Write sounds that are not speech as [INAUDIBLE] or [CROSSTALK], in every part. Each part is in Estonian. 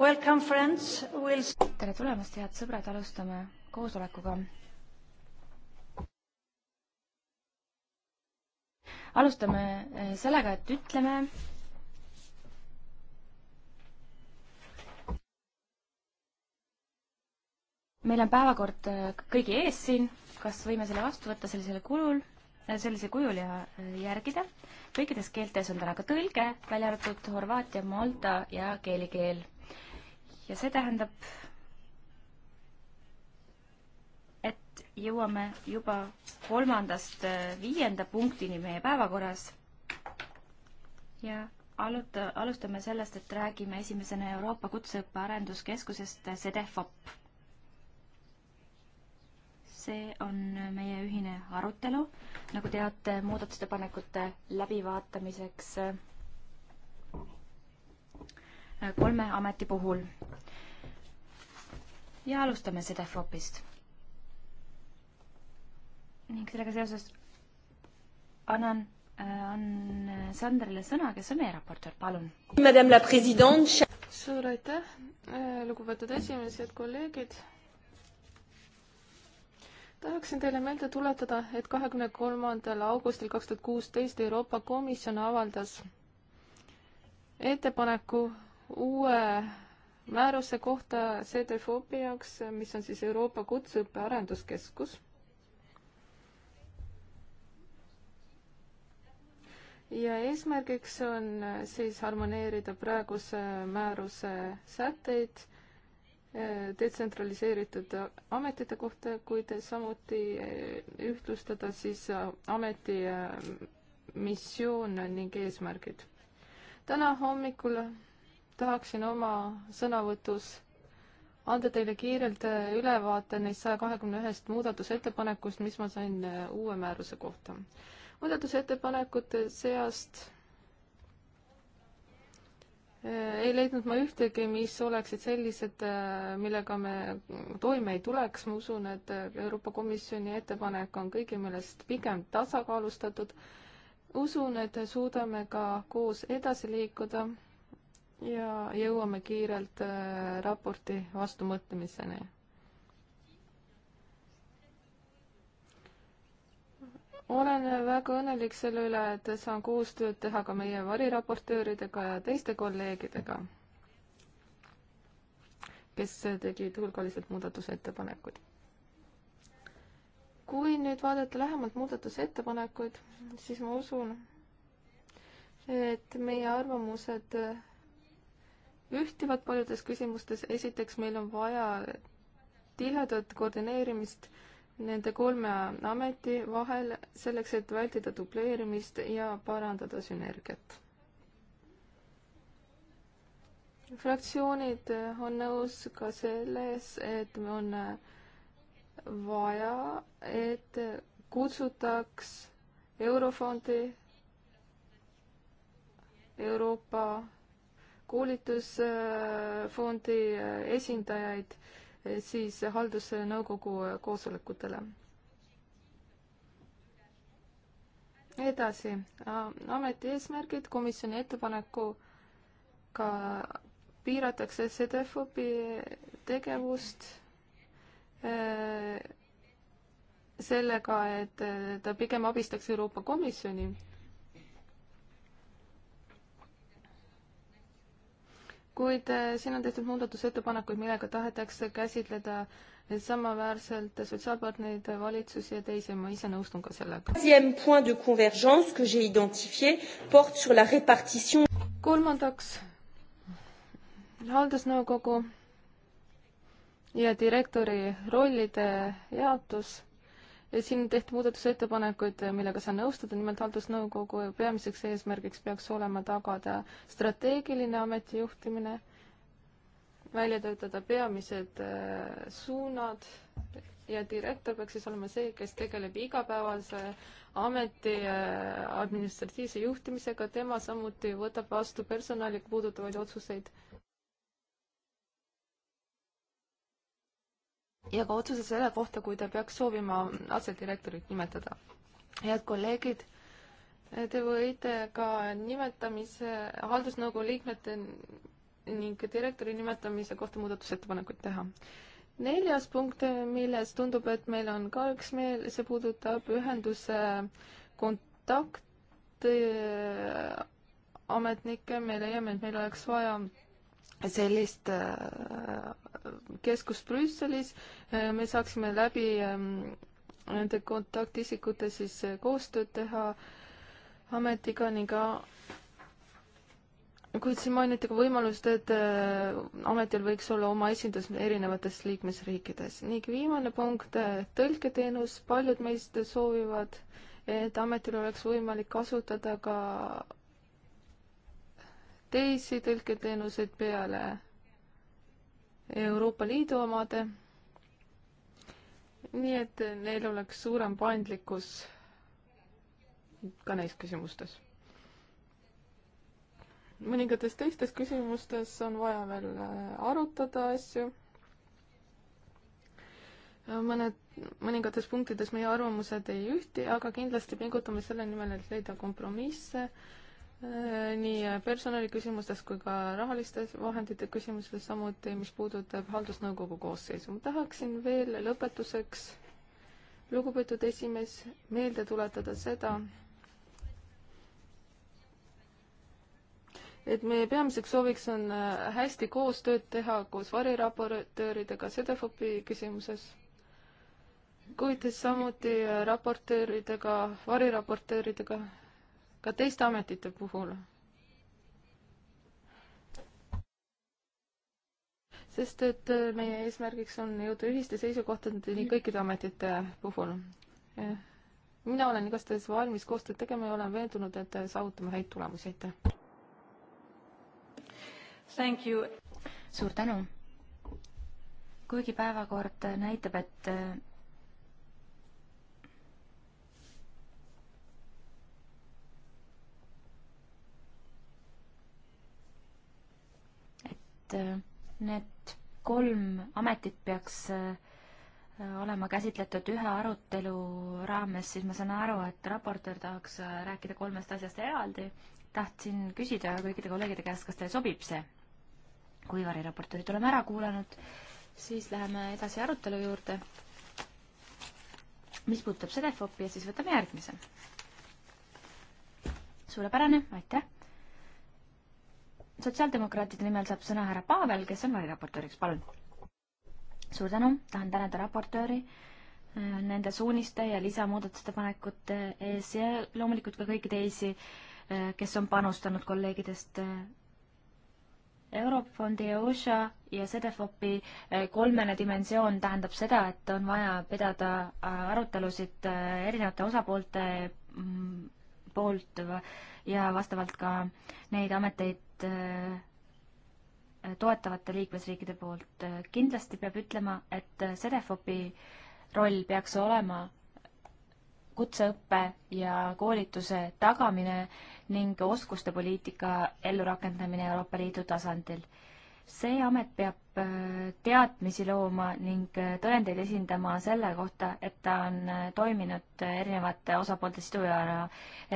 Welcome, friends. We'll... tere tulemast, head sõbrad, alustame koosolekuga. alustame eh, sellega, et ütleme. meil on päevakord eh, kõigi ees siin, kas võime selle vastu võtta sellisel kulul, eh, sellisel kujul ja järgida. kõikides keeltes on täna ka tõlge, välja arvatud Horvaatia, Malta ja keelikeel ja see tähendab, et jõuame juba kolmandast äh, viienda punktini meie päevakorras ja aluta, alustame sellest, et räägime esimesena Euroopa Kutseõppe Arenduskeskusest CDFOP. Äh, see on äh, meie ühine arutelu, nagu teate, muudatusettepanekute läbivaatamiseks kolme ameti puhul. ja alustame Sedefopist. ning sellega seoses annan on äh, Sandrile sõna, kes on meie raportöör, palun. suur aitäh, äh, lugupeetud esimees, head kolleegid. tahaksin teile meelde tuletada, et kahekümne kolmandal augustil kaks tuhat kuusteist Euroopa Komisjon avaldas ettepaneku uue määruse kohta CDFOP-i jaoks, mis on siis Euroopa Kutseõppe Arenduskeskus ja eesmärgiks on siis harmoneerida praeguse määruse sätteid eh, detsentraliseeritud ametite kohta, kuid samuti eh, ühtlustada siis ameti eh, missioon ning eesmärgid. täna hommikul tahaksin oma sõnavõtus anda teile kiirelt ülevaate neist saja kahekümne ühest muudatusettepanekust, mis ma sain äh, uue määruse kohta. muudatusettepanekute seast äh, ei leidnud ma ühtegi, mis oleksid sellised, äh, millega me toime ei tuleks, ma usun, et Euroopa Komisjoni ettepanek on kõigi meelest pigem tasakaalustatud. usun, et suudame ka koos edasi liikuda ja jõuame kiirelt äh, raporti vastumõtlemiseni. olen väga õnnelik selle üle, et saan koostööd teha ka meie variraportööridega ja teiste kolleegidega, kes tegid hulgaliselt muudatusettepanekuid. kui nüüd vaadata lähemalt muudatusettepanekuid, siis ma usun, et meie arvamused ühtivad paljudes küsimustes, esiteks meil on vaja tihedat koordineerimist nende kolme ameti vahel, selleks et vältida dubleerimist ja parandada sünergiat. fraktsioonid on nõus ka selles, et on vaja, et kutsutaks Eurofondi Euroopa koolitusfondi äh, esindajaid äh, siis haldusnõukogu äh, koosolekutele. edasi, ameti eesmärgid, komisjoni ettepanekuga piiratakse CDFOBi tegevust sellega, et ta pigem abistaks Euroopa Komisjoni kuid äh, siin on tehtud muudatusettepanekuid, millega tahetakse käsitleda samaväärselt sotsiaalpartnereid, valitsusi ja teisi, ma ise nõustun ka sellega. kolmandaks, haldusnõukogu ja direktori rollide jaotus siin tehti muudatusettepanekuid, millega saan nõustuda, nimelt haldusnõukogu peamiseks eesmärgiks peaks olema tagada strateegiline ametijuhtimine, välja töötada peamised äh, suunad ja direktor peaks siis olema see, kes tegeleb igapäevase ameti äh, administratiivse juhtimisega, tema samuti võtab vastu personali puudutavaid otsuseid ja ka otsuse selle kohta, kui ta peaks soovima asedirektorit nimetada. head kolleegid, te võite ka nimetamise, haldusnõukogu liikmete ning direktori nimetamise kohta muudatusettepanekuid teha. neljas punkt, milles tundub, et meil on ka üksmeel, see puudutab ühenduse kontaktametnikke, äh, me leiame, et meil oleks vaja sellist äh, keskust Brüsselis, äh, me saaksime läbi ähm, nende kontaktisikute siis äh, koostööd teha ametiga ning kuid siin mainiti ka võimalust, et ametil võiks olla oma esindus erinevates liikmesriikides ning viimane punkt, tõlketeenus, paljud meist soovivad, et ametil oleks võimalik kasutada ka teisi tõlketeenuseid peale Euroopa Liidu omade. nii et neil oleks suurem paindlikkus ka neis küsimustes. mõningates teistes küsimustes on vaja veel äh, arutada asju. mõned, mõningates punktides meie arvamused ei ühti, aga kindlasti pingutame selle nimel, et leida kompromisse äh, Äh, nii äh, personaliküsimustes kui ka rahalistes vahendite küsimustes, samuti mis puudutab haldusnõukogu koosseisu. ma tahaksin veel lõpetuseks, lugupeetud esimees, meelde tuletada seda, et meie peamiseks sooviks on äh, hästi koostööd teha koos variraportööridega Sedefopi küsimuses kuid samuti raportööridega, variraportööridega ka teiste ametite puhul. sest et äh, meie eesmärgiks on jõuda ühiste seisukohtadeni kõikide ametite puhul. Eh, mina olen igastahes valmis koostööd tegema ja olen veendunud, et äh, saavutame häid tulemusi, aitäh! suur tänu! kuigi päevakord näitab, et äh, et äh, need kolm ametit peaks äh, olema käsitletud ühe arutelu raames, siis ma saan aru, et raportöör tahaks äh, rääkida kolmest asjast eraldi. tahtsin küsida kõikide kolleegide käest, kas teile sobib see? kui variraportöörid oleme ära kuulanud, siis läheme edasi arutelu juurde. mis puudutab Cedefopi ja siis võtame järgmise. suurepärane, aitäh sotsiaaldemokraatide nimel saab sõna härra Pavel, kes on variraportööriks, palun. suur tänu, tahan tänada raportööri äh, nende suuniste ja lisamuudatusettepanekute ees ja loomulikult ka kõiki teisi, äh, kes on panustanud kolleegidest äh, Eurofondi ja USA ja CDFOP-i kolmene dimensioon tähendab seda, et on vaja pidada arutelusid erinevate osapoolte mm, poolt ja vastavalt ka neid ameteid Äh, toetavate liikmesriikide poolt. kindlasti peab ütlema, et Cedefopi roll peaks olema kutseõppe ja koolituse tagamine ning oskuste poliitika ellurakendamine Euroopa Liidu tasandil. see amet peab äh, teadmisi looma ning äh, tõendeid esindama selle kohta, et ta on toiminud erinevate osapoolte sidujana,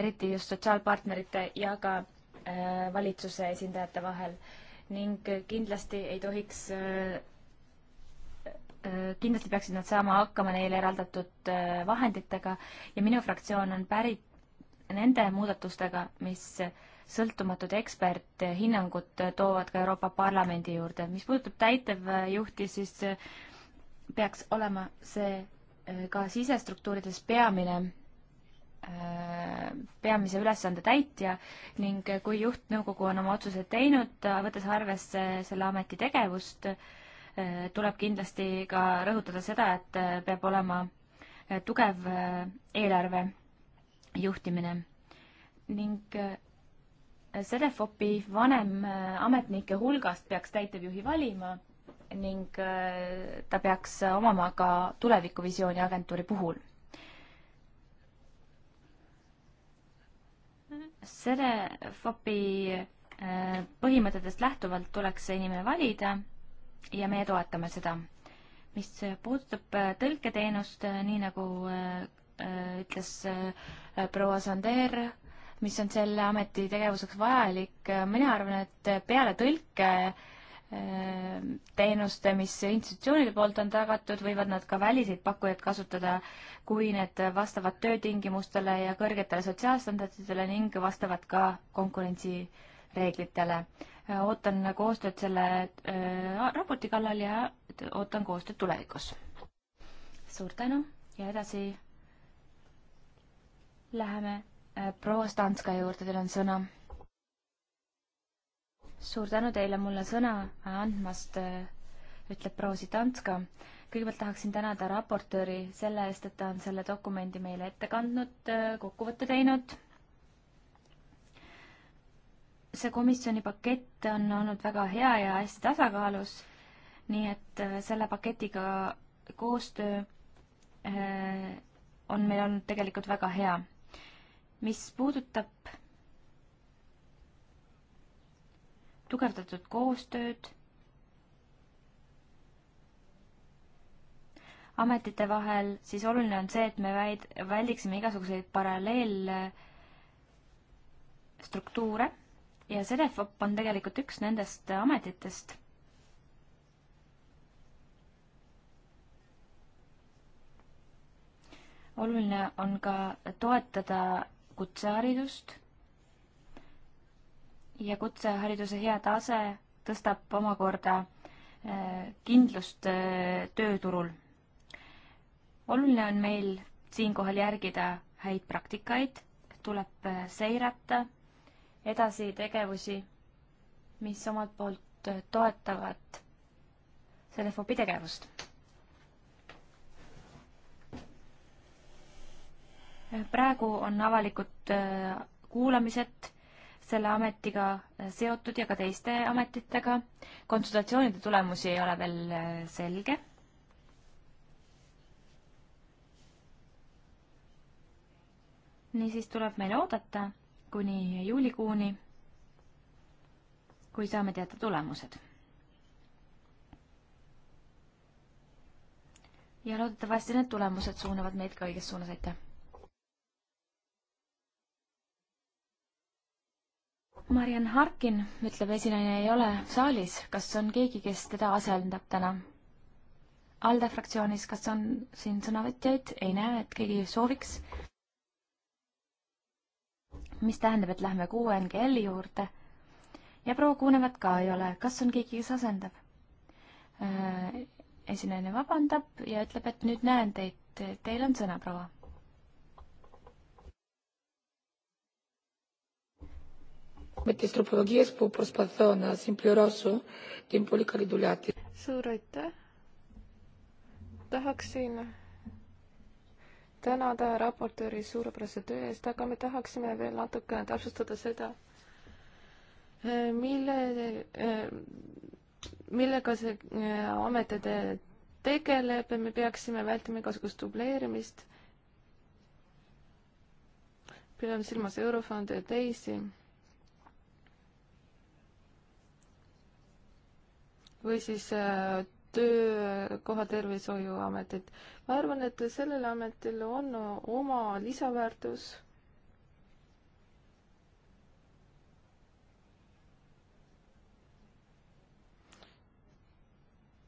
eriti just sotsiaalpartnerite ja ka Äh, valitsuse esindajate vahel ning äh, kindlasti ei tohiks, äh, kindlasti peaksid nad saama hakkama neile eraldatud vahenditega ja minu fraktsioon on pärit nende muudatustega, mis sõltumatud eksperthinnangud toovad ka Euroopa Parlamendi juurde. mis puudutab täitevjuhti, siis peaks olema see ka sisestruktuurides peamine Äh, peamise ülesande täitja ning kui juhtnõukogu on oma otsused teinud, võttes arvesse selle ameti tegevust, äh, tuleb kindlasti ka rõhutada seda, et äh, peab olema tugev eelarve juhtimine ning Sedefopi vanem ametnike hulgast peaks täitevjuhi valima ning ta peaks omama ka tulevikuvisiooni agentuuri puhul Serefopi äh, põhimõtetest lähtuvalt tuleks see inimene valida ja meie toetame seda. mis puudutab äh, tõlketeenust, äh, nii nagu ütles proua Sander, mis on selle ameti tegevuseks vajalik, mina arvan, et peale tõlke Ehm, teenuste, mis institutsioonide poolt on tagatud, võivad nad ka väliseid pakkujaid kasutada, kui need vastavad töötingimustele ja kõrgetele sotsiaalstandarditele ning vastavad ka konkurentsireeglitele. Ehm, ootan koostööd selle äh, raporti kallal ja ootan koostööd tulevikus. suur tänu ja edasi läheme äh, proua Stanska juurde, teil on sõna suur tänu teile mulle sõna andmast, äh, ütleb proua Sitanska. kõigepealt tahaksin tänada raportööri selle eest, et ta on selle dokumendi meile ette kandnud, äh, kokkuvõtte teinud. see komisjoni pakett on olnud väga hea ja hästi tasakaalus, nii et äh, selle paketiga koostöö on meil olnud tegelikult väga hea. mis puudutab tugevdatud koostööd ametite vahel, siis oluline on see, et me väid-, väldiksime igasuguseid paralleelstruktuure ja Cedefop on tegelikult üks nendest ametitest oluline on ka toetada kutseharidust ja kutsehariduse hea tase tõstab omakorda eh, kindlust eh, tööturul. oluline on meil siinkohal järgida häid praktikaid, tuleb eh, seirata edasi tegevusi, mis omalt poolt toetavad selle FOP-i tegevust. praegu on avalikud kuulamised selle ametiga seotud ja ka teiste ametitega. konsultatsioonide tulemusi ei ole veel äh, selge. niisiis tuleb meil oodata kuni juulikuuni, kui saame teada tulemused. ja loodetavasti need tulemused suunavad meid ka õiges suunas, aitäh! Mariann Harkin, ütleb esinaine, ei ole saalis. kas on keegi, kes teda asendab täna? ALDE fraktsioonis, kas on siin sõnavõtjaid? ei näe, et keegi sooviks. mis tähendab, et lähme QNGL-i juurde. ja proua Kuunemat ka ei ole. kas on keegi, kes asendab? Äh, esinaine vabandab ja ütleb, et nüüd näen teid. Teil on sõna, proua με τις τροπολογίες που προσπαθώ να συμπληρώσω την πολύ καλή δουλειά της. Suur aitäh! Tahaksin tänada raportööri suurepärase töö eest, aga me tahaksime veel natukene täpsustada seda, mille, millega see amet tegeleb, me peaksime vältima igasugust dubleerimist. peame silmas Eurofond ja teisi või siis äh, töökoha tervishoiuametit. ma arvan, et sellel ametil on oma lisaväärtus.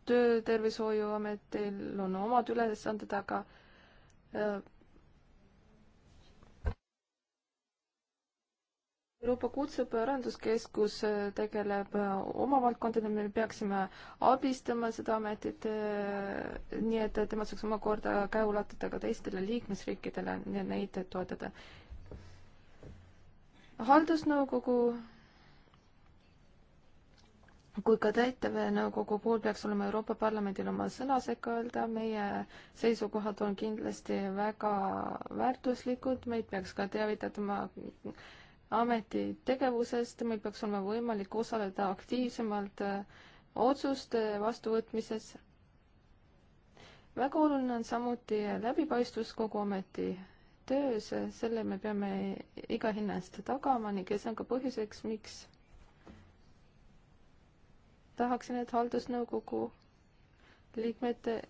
töötervishoiuametil on omad ülesanded, aga äh, Euroopa Kutsepäranduskeskus äh, tegeleb äh, oma valdkondadega, me peaksime abistama seda ametit, äh, nii et tema saaks omakorda käe ulatada ka teistele liikmesriikidele ja neid toetada. haldusnõukogu kui ka täitevnõukogu pool peaks olema Euroopa Parlamendil oma sõna sekka öelda, meie seisukohad on kindlasti väga väärtuslikud, meid peaks ka teavitama ameti tegevusest, meil peaks olema võimalik osaleda aktiivsemalt äh, otsuste vastuvõtmises. väga oluline on samuti läbipaistvus kogu ameti töös, selle me peame iga hinna eest tagama ning see on ka põhjuseks, miks tahaksin, et haldusnõukogu liikmed äh,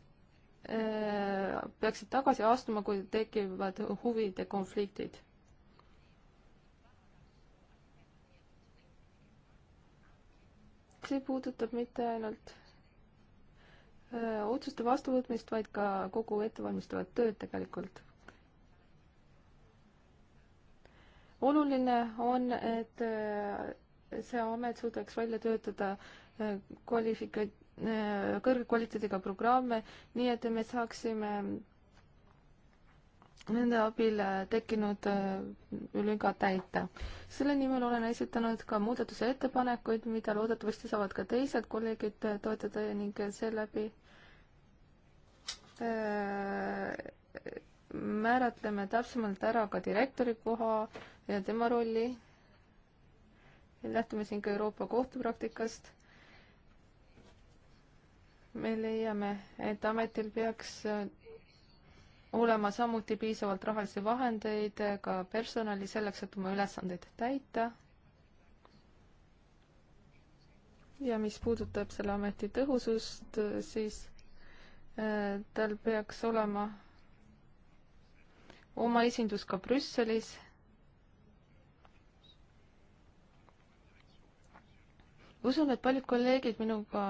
peaksid tagasi astuma, kui tekivad huvide konfliktid see puudutab mitte ainult öö, äh, otsuste vastuvõtmist, vaid ka kogu ettevalmistavat tööd tegelikult. oluline on, et öö, äh, see amet suudaks välja töötada äh, kvalifika-, kõrge kvaliteediga programme, nii et me saaksime nende abil tekkinud lüngad täita. selle nimel olen esitanud ka muudatuse ettepanekuid, mida loodetavasti saavad ka teised kolleegid toetada ning seeläbi äh, määratleme täpsemalt ära ka direktori koha ja tema rolli. lähtume siin ka Euroopa kohtupraktikast. me leiame, et ametil peaks olema samuti piisavalt rahalisi vahendeid, ka personali selleks, et oma ülesandeid täita. ja mis puudutab selle ameti tõhusust, siis äh, tal peaks olema oma esindus ka Brüsselis usun, et paljud kolleegid minuga,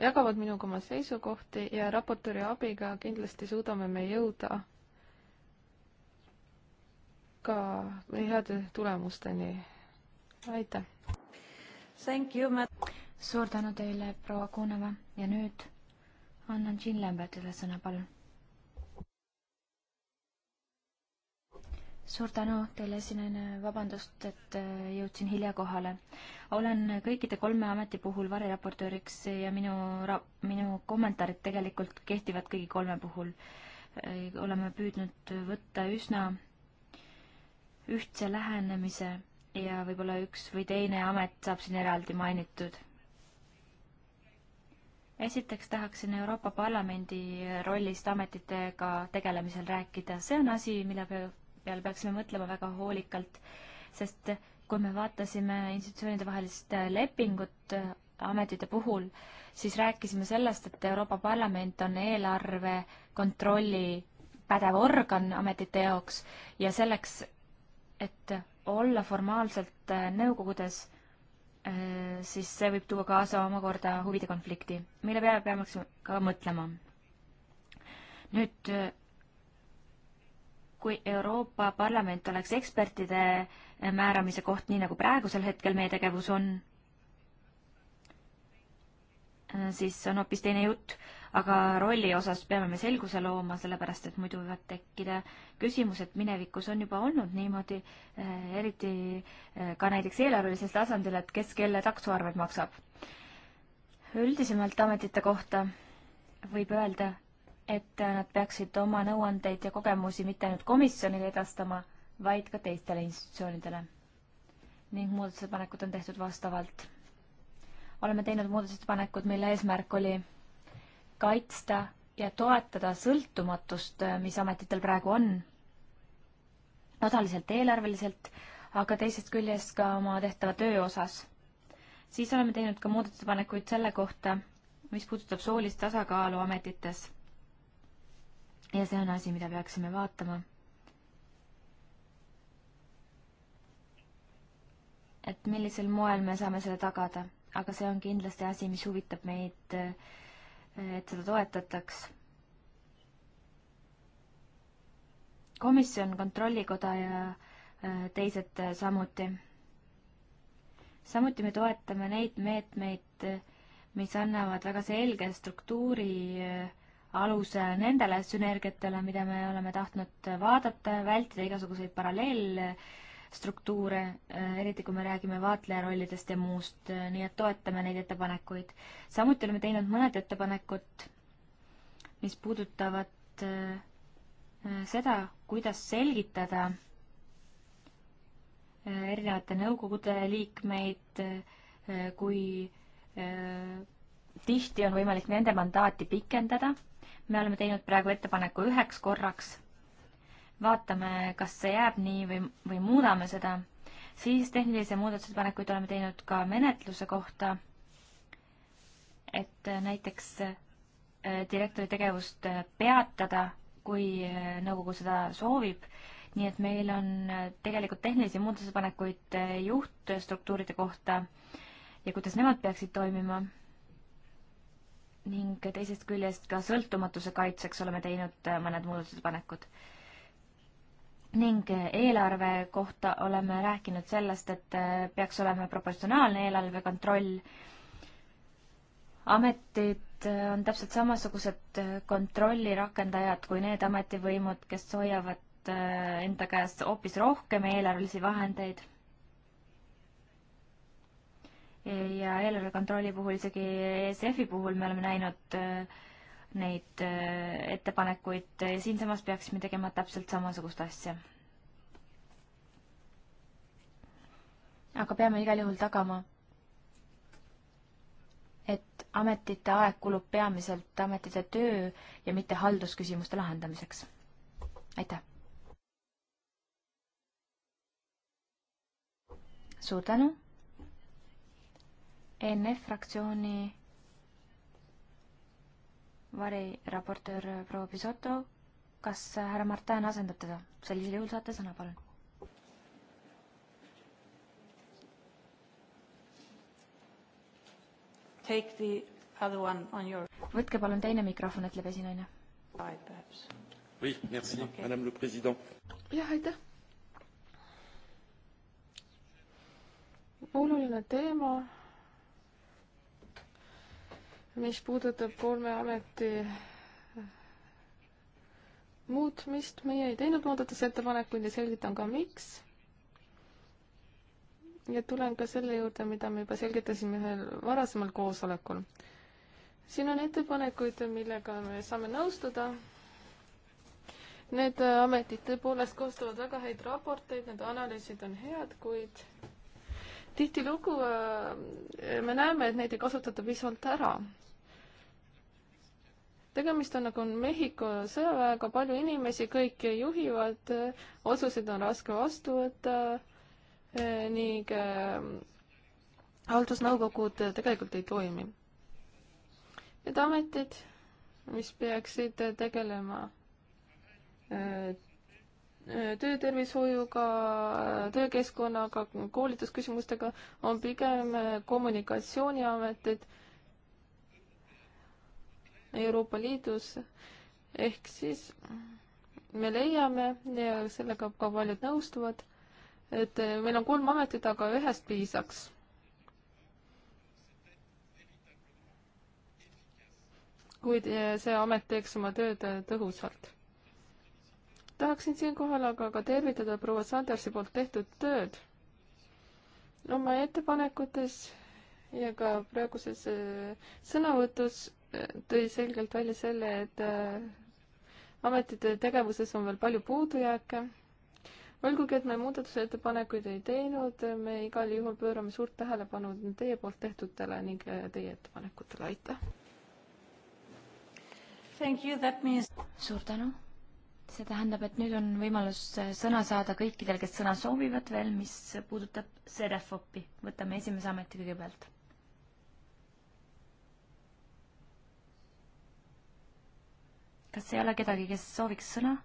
jagavad minuga oma seisukohti ja raportööri abiga kindlasti suudame me jõuda ka heade tulemusteni. aitäh! suur tänu teile, proua Kuneva ja nüüd annan Jean Lambertile sõna, palun suur tänu teile, esinejana, vabandust, et äh, jõudsin hilja kohale. olen kõikide kolme ameti puhul variraportööriks ja minu ra-, minu kommentaarid tegelikult kehtivad kõigi kolme puhul. Äh, oleme püüdnud võtta üsna ühtse lähenemise ja võib-olla üks või teine amet saab siin eraldi mainitud. esiteks tahaksin Euroopa Parlamendi rollist ametitega tegelemisel rääkida, see on asi, mille peale peaksime mõtlema väga hoolikalt, sest kui me vaatasime institutsioonide vahelist äh, lepingut äh, ametite puhul, siis rääkisime sellest, et Euroopa Parlament on eelarve kontrolli pädev organ ametite jaoks ja selleks, et olla formaalselt äh, nõukogudes, siis see võib tuua kaasa omakorda huvide konflikti, mille peale peame ka mõtlema. nüüd kui Euroopa Parlament oleks ekspertide eh, määramise koht, nii nagu praegusel hetkel meie tegevus on, eh, siis on hoopis teine jutt, aga rolli osas peame me selguse looma, sellepärast et muidu võivad tekkida küsimused, minevikus on juba olnud niimoodi, eh, eriti ka näiteks eelarvelisel tasandil, et kes kelle taksoarved maksab. üldisemalt ametite kohta võib öelda, et nad peaksid oma nõuandeid ja kogemusi mitte ainult komisjonile edastama, vaid ka teistele institutsioonidele. ning muudatusettepanekud on tehtud vastavalt. oleme teinud muudatusettepanekud, mille eesmärk oli kaitsta ja toetada sõltumatust, mis ametitel praegu on, osaliselt eelarveliselt, aga teisest küljest ka oma tehtava töö osas. siis oleme teinud ka muudatusettepanekuid selle kohta, mis puudutab soolist tasakaalu ametites ja see on asi, mida peaksime vaatama. et millisel moel me saame selle tagada, aga see on kindlasti asi, mis huvitab meid, eh, et seda toetataks. komisjon, Kontrollikoda ja eh, teised samuti. samuti me toetame neid meetmeid, mis annavad väga selge struktuuri äh, aluse nendele sünergiatele, mida me oleme tahtnud vaadata, vältida igasuguseid paralleelstruktuure, eriti kui me räägime vaatleja rollidest ja muust, nii et toetame neid ettepanekuid. samuti oleme teinud mõned ettepanekud, mis puudutavad äh, seda, kuidas selgitada äh, erinevate nõukogude liikmeid, äh, kui tihti on võimalik nende mandaati pikendada me oleme teinud praegu ettepaneku üheks korraks. vaatame, kas see jääb nii või, või muudame seda. siis tehnilisi muudatusettepanekuid oleme teinud ka menetluse kohta. et näiteks äh, direktori tegevust äh, peatada, kui äh, nõukogu seda soovib nii et meil on tegelikult tehnilisi muudatusepanekuid juhtstruktuuride kohta ja kuidas nemad peaksid toimima ning teisest küljest ka sõltumatuse kaitseks oleme teinud äh, mõned muudatusettepanekud. ning äh, eelarve kohta oleme rääkinud sellest, et äh, peaks olema proportsionaalne eelarvekontroll. ametid on täpselt samasugused kontrolli rakendajad kui need ametivõimud, kes hoiavad enda käes hoopis rohkem eelarvelisi vahendeid ja eelarve kontrolli puhul, isegi ESF-i puhul me oleme näinud äh, neid äh, ettepanekuid, siinsamas peaksime tegema täpselt samasugust asja. aga peame igal juhul tagama, et ametite aeg kulub peamiselt ametite töö ja mitte haldusküsimuste lahendamiseks. aitäh! suur tänu! ENF fraktsiooni variraportöör proua Pisoto, kas härra Martin asendab teda? sellisel juhul saate sõna, palun. Take the other one on your võtke palun teine mikrofon, ütleb esinaine. Oui, merci okay., madame le president. jah, aitäh. oluline teema mis puudutab kolme ameti muutmist, meie ei teinud muudatusettepanekuid ja selgitan ka, miks. ja tulen ka selle juurde, mida me juba selgitasime ühel varasemal koosolekul. siin on ettepanekuid, millega me saame nõustuda Need ametid tõepoolest koostavad väga häid raporteid, need analüüsid on head, kuid tihtilugu äh, me näeme, et neid ei kasutata piisavalt ära. tegemist on nagu Mehhiko sõjaväega, palju inimesi, kõik juhivad, otsuseid on raske vastu võtta äh, ning äh, haldusnõukogud tegelikult ei toimi. Need ametid, mis peaksid tegelema töötervishoiuga, töökeskkonnaga, koolitusküsimustega on pigem kommunikatsiooniametid Euroopa Liidus, ehk siis me leiame ja sellega ka paljud nõustuvad, et meil on kolm ametit, aga ühest piisaks. kuid see amet teeks oma tööd tõhusalt tahaksin siinkohal aga ka tervitada proua Sandersi poolt tehtud tööd oma ettepanekutes ja ka praeguses äh, sõnavõtus äh, tõi selgelt välja selle, et äh, ametite tegevuses on veel palju puudujääke. olgugi, et me muudatusettepanekuid ei teinud, me igal juhul pöörame suurt tähelepanu teie poolt tehtutele ning teie ettepanekutele, aitäh! Means... suur tänu! see tähendab, et nüüd on võimalus äh, sõna saada kõikidel, kes sõna soovivad veel, mis puudutab Serefopi. võtame esimese ameti kõigepealt. kas ei ole kedagi, kes sooviks sõna?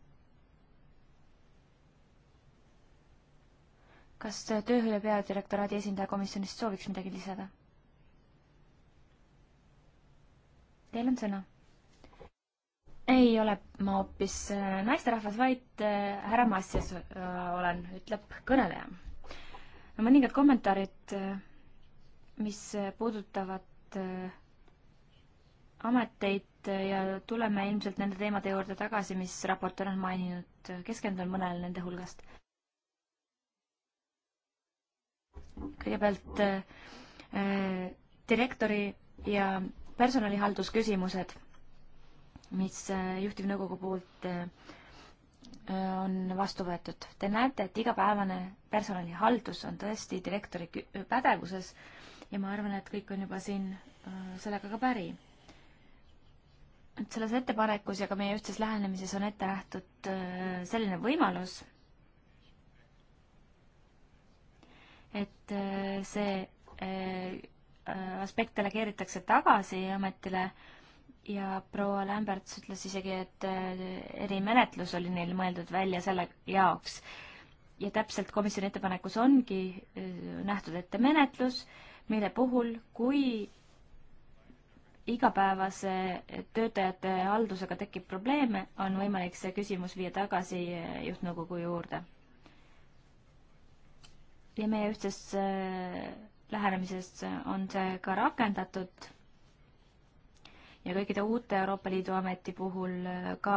kas äh, tööhõive peadirektoraadi esindaja komisjonist sooviks midagi lisada? Teil on sõna ei ole ma hoopis äh, naisterahvas, vaid äh, härra Massias äh, olen, ütleb kõneleja. mõningad kommentaarid, mis puudutavad ameteid ja tuleme ilmselt nende teemade juurde tagasi, mis raportöör on maininud, keskendun mõnele nende hulgast. kõigepealt direktori ja personalihaldus küsimused mis äh, juhtivnõukogu poolt äh, on vastu võetud. Te näete, et igapäevane personalihaldus on tõesti direktori pädevuses ja ma arvan, et kõik on juba siin äh, sellega ka päri. et selles ettepanekus ja ka meie ühtses lähenemises on ette nähtud selline võimalus, et see aspekt delegeeritakse tagasi ametile äh, ja proua Lämberts ütles isegi, et äh, erimenetlus oli neil mõeldud välja selle jaoks. ja täpselt komisjoni ettepanekus ongi äh, nähtud ette menetlus, mille puhul, kui igapäevase töötajate haldusega tekib probleeme, on võimalik see küsimus viia tagasi äh, juhtnõukogu juurde. ja meie ühtses lähenemises on see ka rakendatud ja kõikide uute Euroopa Liidu ameti puhul äh, ka,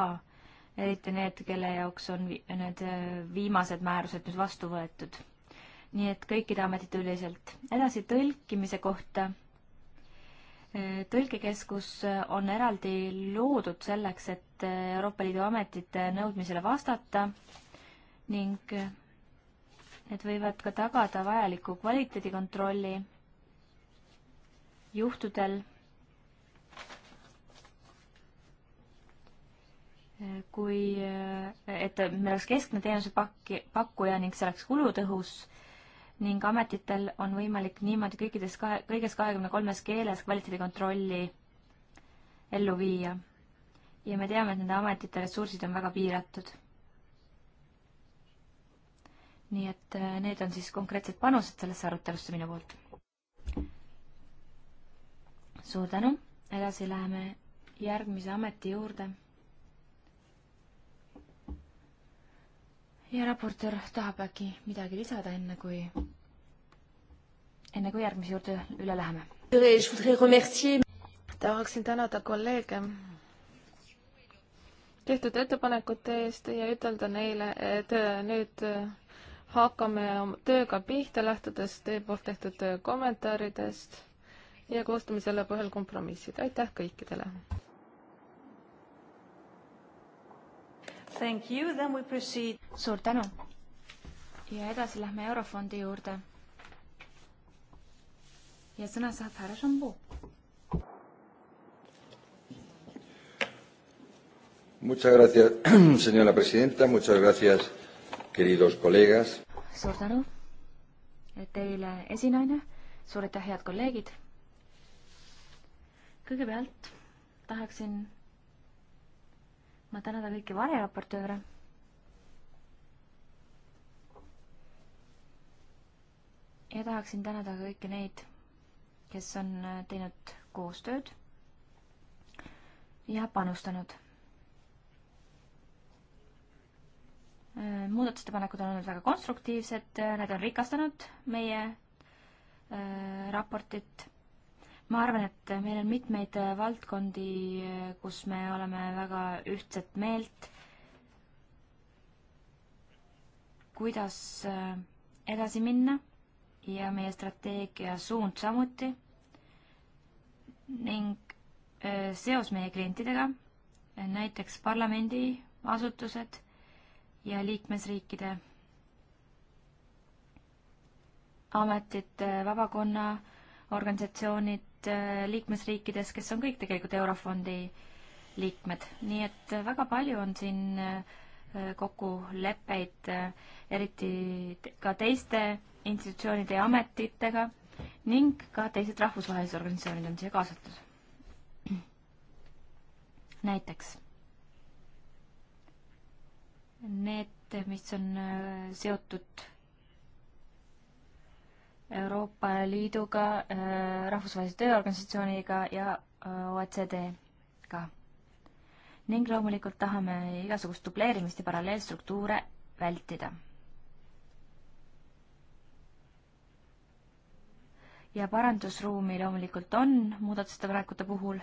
eriti need, kelle jaoks on need äh, viimased määrused nüüd vastu võetud. nii et kõikide ametite üleselt. edasi tõlkimise kohta. Äh, tõlkekeskus on eraldi loodud selleks, et Euroopa Liidu ametite nõudmisele vastata ning need võivad ka tagada vajaliku kvaliteedikontrolli juhtudel kui, et meil oleks keskne teenusepakki, pakkuja ning see oleks kulutõhus ning ametitel on võimalik niimoodi kõikides kahe, kõiges kahekümne kolmes keeles kvaliteedikontrolli ellu viia. ja me teame, et nende ametite ressursid on väga piiratud. nii et äh, need on siis konkreetsed panused sellesse arutelusse minu poolt. suur tänu, edasi läheme järgmise ameti juurde ja raportöör tahab äkki midagi lisada, enne kui, enne kui järgmise juurde üle läheme. tahaksin tänada kolleege tehtud ettepanekute eest ja ütelda neile, et nüüd hakkame tööga pihta, lähtudes teie poolt tehtud kommentaaridest ja koostame selle põhjal kompromissid. aitäh kõikidele! Thank you, then we proceed. suur tänu. ja edasi lähme Eurofondi juurde. ja sõna saab härra Šambu. Muchas gracias, [CLEARS THROAT] señora presidenta, muchas gracias, queridos colegas. suur tänu teile, esinaine, suur aitäh, head kolleegid. kõigepealt tahaksin ma tänada kõiki variraportööre. ja tahaksin tänada kõiki neid, kes on äh, teinud koostööd ja panustanud. Äh, muudatusettepanekud on olnud väga konstruktiivsed, äh, need on rikastanud meie raportit ma arvan, et meil on mitmeid äh, valdkondi, äh, kus me oleme väga ühtset meelt, kuidas äh, edasi minna ja meie strateegia suund samuti ning seos meie klientidega, näiteks parlamendi asutused ja liikmesriikide ametid, vabakonna organisatsioonid, liikmeid äh, liikmesriikides, kes on kõik tegelikult Eurofondi liikmed, nii et äh, väga palju on siin äh, kokkuleppeid, eriti ka teiste institutsioonide ja ametitega ning ka teised rahvusvahelised organisatsioonid on siia kaasatud. [CLEARS THROAT] näiteks need, mis on seotud Euroopa Liiduga, äh, Rahvusvahelise Tööorganisatsiooniga ja äh, OECD-ga. ning loomulikult tahame igasugust dubleerimist ja paralleelstruktuure vältida. ja parandusruumi loomulikult on muudatusettepanekute puhul,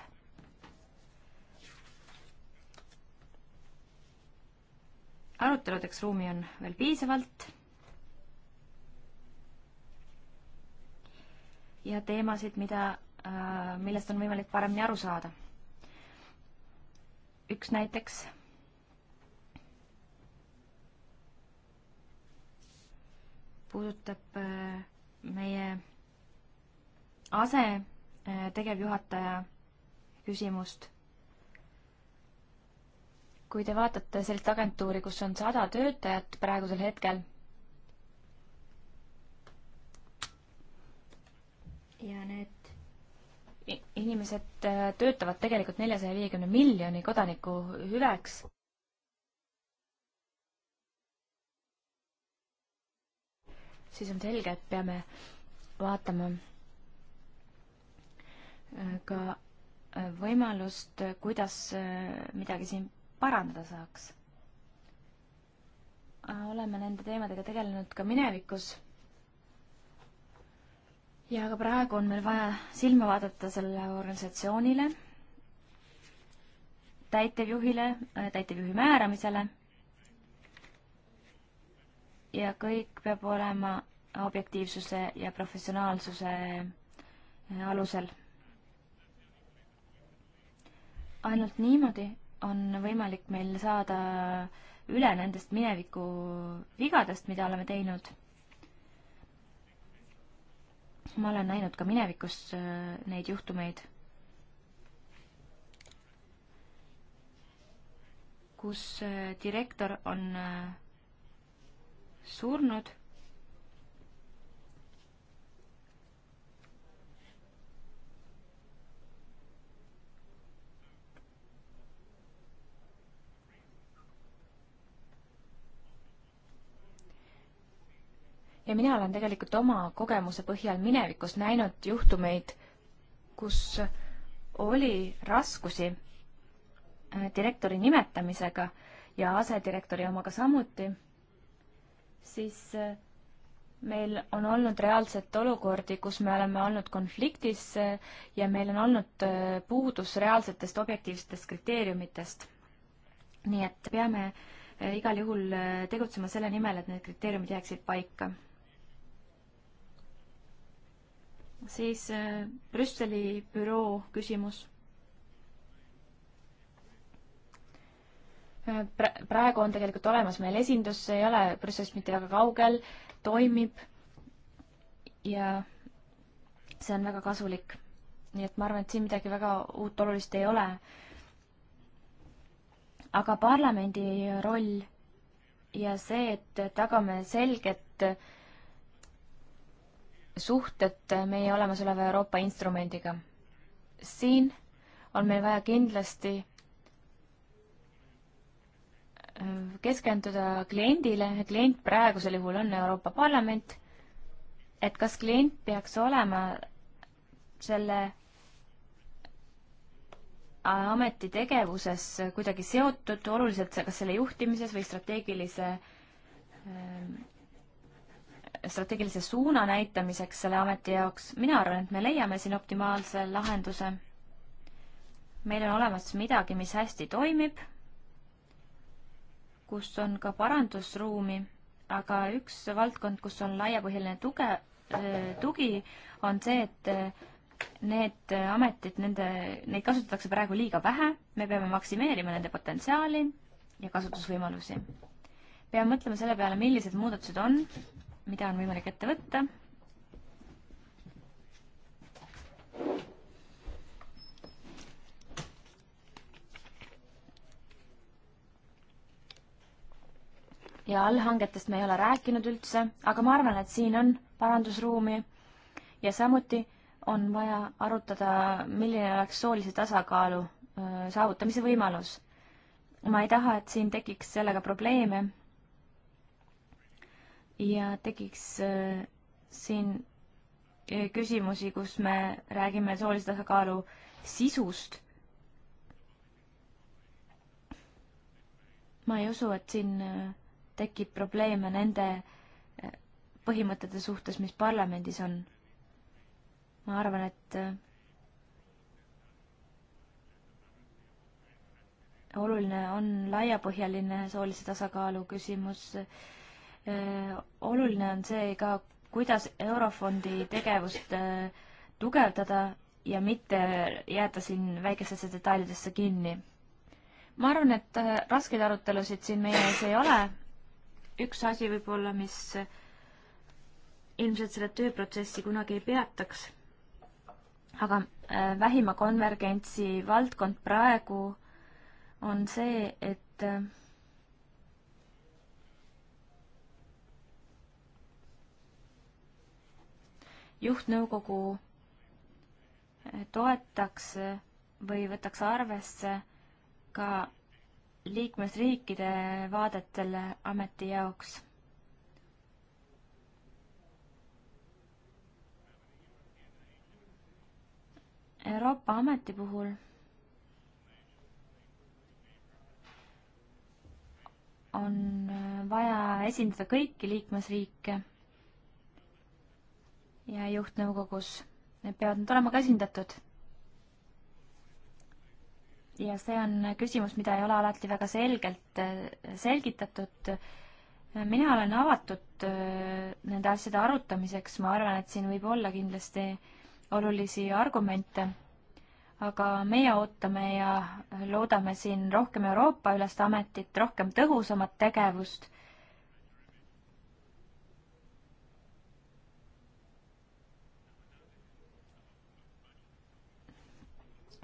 aruteludeks ruumi on veel piisavalt ja teemasid, mida, äh, millest on võimalik paremini aru saada. üks näiteks puudutab äh, meie asetegevjuhataja küsimust. kui te vaatate sellist agentuuri, kus on sada töötajat praegusel hetkel ja need inimesed äh, töötavad tegelikult neljasaja viiekümne miljoni kodaniku hüveks. siis on selge, et peame vaatama äh, ka äh, võimalust, kuidas midagi siin parandada saaks. oleme nende teemadega tegelenud ka minevikus ja ka praegu on meil vaja silma vaadata sellele organisatsioonile, täitevjuhile, äh, täitevjuhi määramisele ja kõik peab olema objektiivsuse ja professionaalsuse äh, alusel. ainult niimoodi on võimalik meil saada üle nendest mineviku vigadest, mida oleme teinud ma olen näinud ka minevikus äh, neid juhtumeid, kus äh, direktor on äh, surnud ja mina olen tegelikult oma kogemuse põhjal minevikus näinud juhtumeid, kus oli raskusi äh, direktori nimetamisega ja asedirektori omaga samuti, siis äh, meil on olnud reaalset olukordi, kus me oleme olnud konfliktis äh, ja meil on olnud puudus reaalsetest objektiivsetest kriteeriumitest. nii et peame igal juhul tegutsema selle nimel, et need kriteeriumid jääksid paika siis äh, Brüsseli büroo küsimus. Äh, praegu on tegelikult olemas meil esindus, see ei ole Brüsselist mitte väga kaugel, toimib ja see on väga kasulik. nii et ma arvan, et siin midagi väga uut olulist ei ole. aga parlamendi roll ja see, et tagame selget äh, suhted meie olemasoleva Euroopa instrumendiga. siin on meil vaja kindlasti äh, keskenduda kliendile, klient praegusel juhul on Euroopa Parlament, et kas klient peaks olema selle äh, ameti tegevuses kuidagi seotud oluliselt, kas selle juhtimises või strateegilise äh, strateegilise suuna näitamiseks selle ameti jaoks. mina arvan, et me leiame siin optimaalse lahenduse. meil on olemas midagi, mis hästi toimib, kus on ka parandusruumi, aga üks valdkond, kus on laiapõhjaline tuge, äh, tugi, on see, et äh, need ametid, nende, neid kasutatakse praegu liiga vähe, me peame maksimeerima nende potentsiaali ja kasutusvõimalusi. peame mõtlema selle peale, millised muudatused on mida on võimalik ette võtta. ja allhangetest me ei ole rääkinud üldse, aga ma arvan, et siin on parandusruumi ja samuti on vaja arutada, milline oleks soolise tasakaalu äh, saavutamise võimalus. ma ei taha, et siin tekiks sellega probleeme ja tekiks äh, siin äh, küsimusi, kus me räägime soolise tasakaalu sisust. ma ei usu, et siin äh, tekib probleeme nende põhimõtete suhtes, mis parlamendis on. ma arvan, et oluline on laiapõhjaline soolise tasakaalu küsimus Äh, oluline on see ka, kuidas Eurofondi tegevust äh, tugevdada ja mitte jääda siin väikestesse detailidesse kinni. ma arvan, et äh, raskeid arutelusid siin meie ees ei ole. üks asi võib-olla, mis ilmselt selle tööprotsessi kunagi ei peataks, aga vähima konvergentsi valdkond praegu on see, et juhtnõukogu toetaks või võtaks arvesse ka liikmesriikide vaadet selle ameti jaoks. Euroopa ameti puhul on vaja esindada kõiki liikmesriike ja juhtnõukogus peavad nad olema ka esindatud. ja see on küsimus, mida ei ole alati väga selgelt äh, selgitatud. mina olen avatud äh, nende asjade arutamiseks, ma arvan, et siin võib olla kindlasti olulisi argumente, aga meie ootame ja loodame siin rohkem Euroopa ülest ametit, rohkem tõhusamat tegevust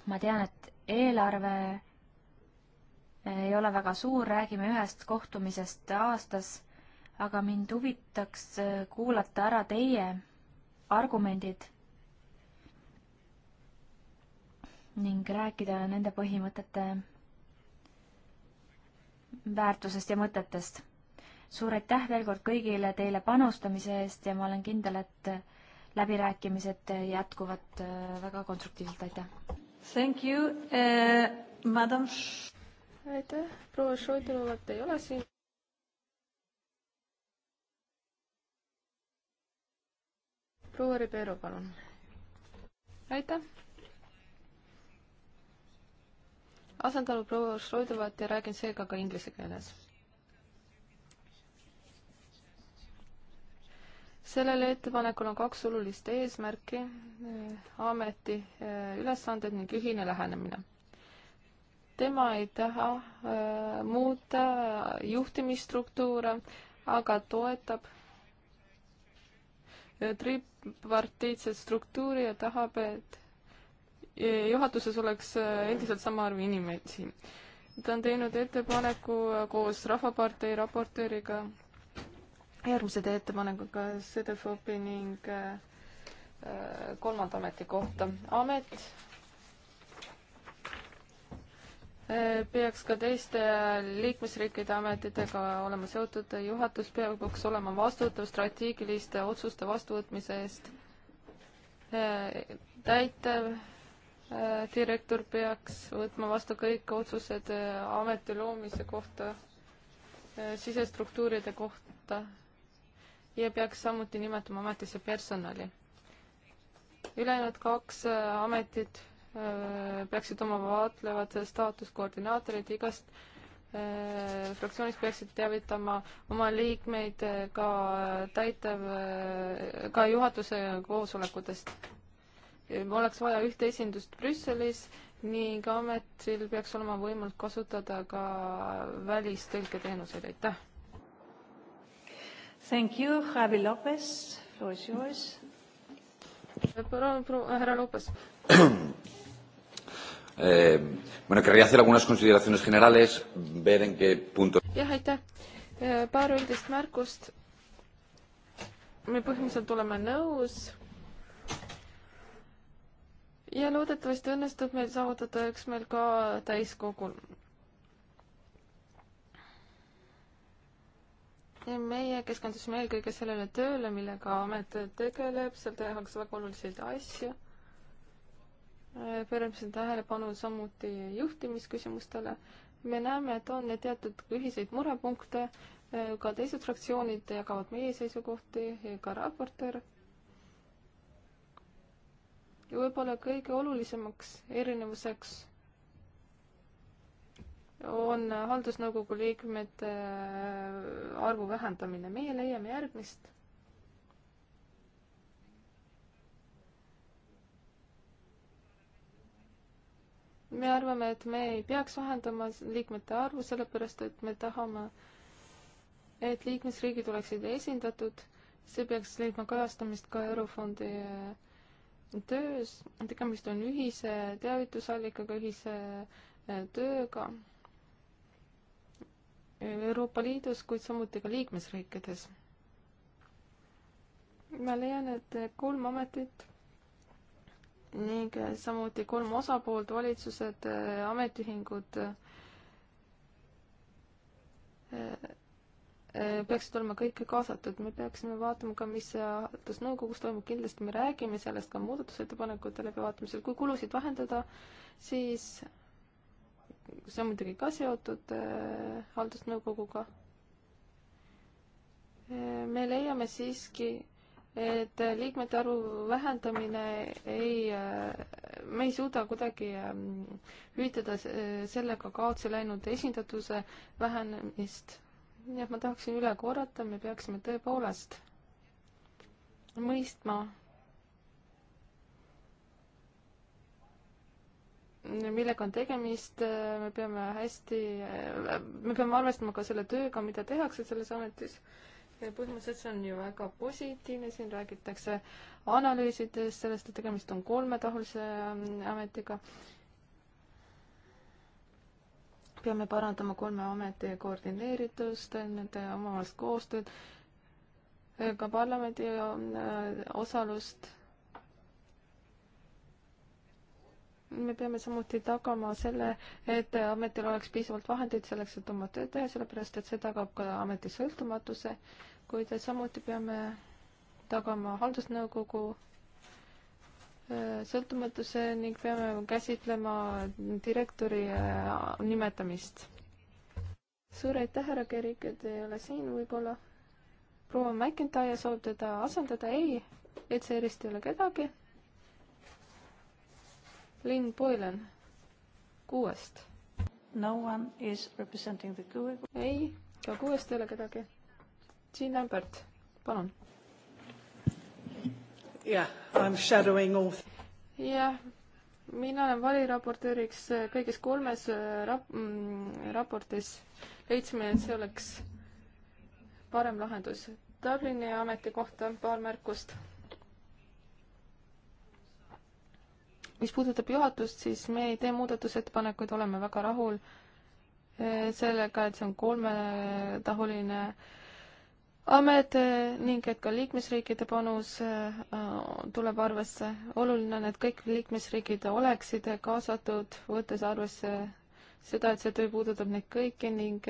ma tean, et eelarve äh, ei ole väga suur, räägime ühest kohtumisest aastas, aga mind huvitaks äh, kuulata ära teie argumendid ning rääkida nende põhimõtete väärtusest ja mõtetest. suur aitäh veel kord kõigile teile panustamise eest ja ma olen kindel, et läbirääkimised jätkuvad äh, väga konstruktiivselt, aitäh! Thank you uh,, madam. aitäh, proua Šoidinovat ei ole siin. proua Ribeiro, palun. aitäh. asendan proua Šoidinovat ja räägin seega ka inglise keeles sellel ettepanekul on kaks olulist eesmärki, eh, ameti eh, ülesanded ning ühine lähenemine. tema ei taha äh, muuta juhtimisstruktuure, aga toetab tripartiitset struktuuri ja tahab, et juhatuses oleks endiselt sama arv inimesi. ta on teinud ettepaneku koos Rahvapartei raportööriga järgmise teie ettepanekuga CDFOP-i ning äh, kolmanda ameti kohta. amet äh, peaks ka teiste liikmesriikide ametitega olema seotud, juhatus peaks olema vastutav strateegiliste otsuste vastuvõtmise eest. Äh, täitev direktor peaks võtma vastu kõik otsused ameti loomise kohta, sisestruktuuride kohta ja peaks samuti nimetama ametisse personali. ülejäänud kaks äh, ametit äh, peaksid oma vaatlevad staatuskoordinaatorid igast äh, fraktsioonist peaksid teavitama oma liikmeid ka täitev, ka juhatuse koosolekutest. oleks vaja ühte esindust Brüsselis ning ametil peaks olema võimalik kasutada ka välistõlketeenuseid, aitäh! Thank you, Javi Lopez, floor is yours. Herra López. [COUGHS] Eh, bueno, querría hacer algunas consideraciones generales, ver en qué punto. jah, aitäh. paar üldist märkust. me põhimõtteliselt oleme nõus. ja loodetavasti õnnestub meil saavutada üksmeel ka täiskogul. meie keskendusime eelkõige sellele tööle, millega amet tegeleb, seal tehakse väga olulisi asju. pööramisel tähelepanu samuti juhtimisküsimustele. me näeme, et on teatud ühiseid murepunkte, ka teised fraktsioonid jagavad meie seisukohti ja ka raportöör. ja võib-olla kõige olulisemaks erinevuseks on haldusnõukogu liikmete äh, arvu vähendamine. meie leiame järgmist. me arvame, et me ei peaks vähendama liikmete arvu, sellepärast et me tahame, et liikmesriigid oleksid esindatud. see peaks leidma kajastamist ka Eurofondi äh, töös. tegemist on ühise teavitusallikaga, ühise äh, tööga Euroopa Liidus, kuid samuti ka liikmesriikides. ma leian, et kolm ametit ning samuti kolm osapoolt, valitsused, ametiühingud peaksid olema kõik kaasatud, me peaksime vaatama ka, mis haldusnõukogus toimub, kindlasti me räägime sellest ka muudatusettepanekute läbivaatamisel, kui kulusid vähendada, siis see on muidugi ka seotud äh, haldusnõukoguga. Äh, me leiame siiski, et liikmete arvu vähendamine ei, äh, me ei suuda kuidagi hüvitada sellega kaotsi läinud esindatuse vähenemist. nii et ma tahaksin üle korrata, me peaksime tõepoolest mõistma millega on tegemist, me peame hästi, me peame arvestama ka selle tööga, mida tehakse selles ametis. põhimõtteliselt see on ju väga positiivne, siin räägitakse analüüsidest, sellest, et tegemist on kolmetahulise ähm, ametiga. peame parandama kolme ameti koordineeritust, nende omavahelist koostööd, ka parlamendi ähm, osalust me peame samuti tagama selle, et ametil oleks piisavalt vahendeid selleks, et oma tööd teha, sellepärast et see tagab ka ameti sõltumatuse, kuid samuti peame tagama haldusnõukogu äh, sõltumatuse ning peame käsitlema direktori äh, nimetamist. suur aitäh, härra Kerik, et ei ole siin võib-olla. proua McIntyre soovib teda asendada, ei, et see erist ei ole kedagi Lynn Boylan kuuest. No one is representing the GUE. ei, ka kuuest ei ole kedagi. Jean Lambert, palun. jah yeah,, I m shadowing all. jah yeah mina olen variraportööriks kõigis kolmes äh, rap-, mm, raportis. leidsime, et see oleks parem lahendus. Dublini ametikohta paar märkust. mis puudutab juhatust, siis me ei tee muudatusettepanekuid, oleme väga rahul eh, sellega, et see on kolmetahuline amet eh, ning et ka liikmesriikide panus eh, tuleb arvesse. oluline on, et kõik liikmesriigid oleksid kaasatud, võttes arvesse seda, et see töö puudutab neid kõiki ning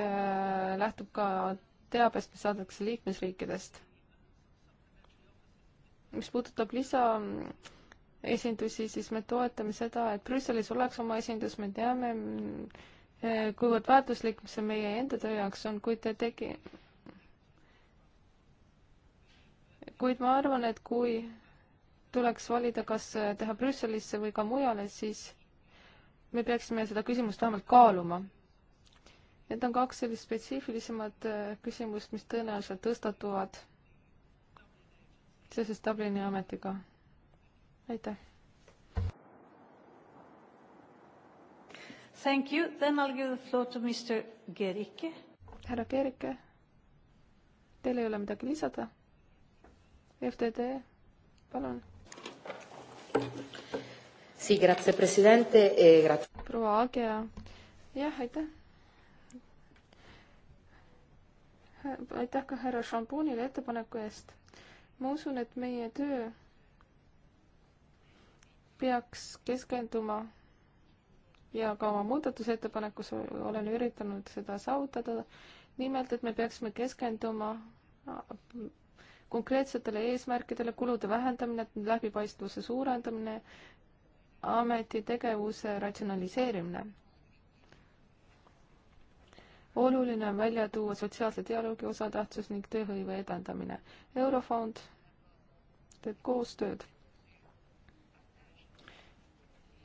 lähtub ka teabest, mis saadakse liikmesriikidest. mis puudutab lisa esindusi, siis me toetame seda, et Brüsselis oleks oma esindus, me teame, mm, kuivõrd väärtuslik see meie enda töö jaoks on, kuid te tegi-, kuid ma arvan, et kui tuleks valida, kas teha Brüsselisse või ka mujale, siis me peaksime seda küsimust vähemalt kaaluma. Need on kaks sellist spetsiifilisemat äh, küsimust, mis tõenäoliselt tõstatuvad seoses Dublini ametiga aitäh. Thank you, then I will give the floor to Mr Gerike. härra Gerike, teil ei ole midagi lisada? FTD, palun. Sì, grazie Presidente e grazie. proua Agea, jah, aitäh. aitäh ka härra Šampoonile ettepaneku eest. ma usun, et meie töö peaks keskenduma ja ka oma muudatusettepanekus olen üritanud seda saavutada, nimelt, et me peaksime keskenduma konkreetsetele eesmärkidele, kulude vähendamine, läbipaistvuse suurendamine, ameti tegevuse ratsionaliseerimine. oluline on välja tuua sotsiaalse dialoogi osatähtsus ning tööhõive edendamine. Eurofond teeb koostööd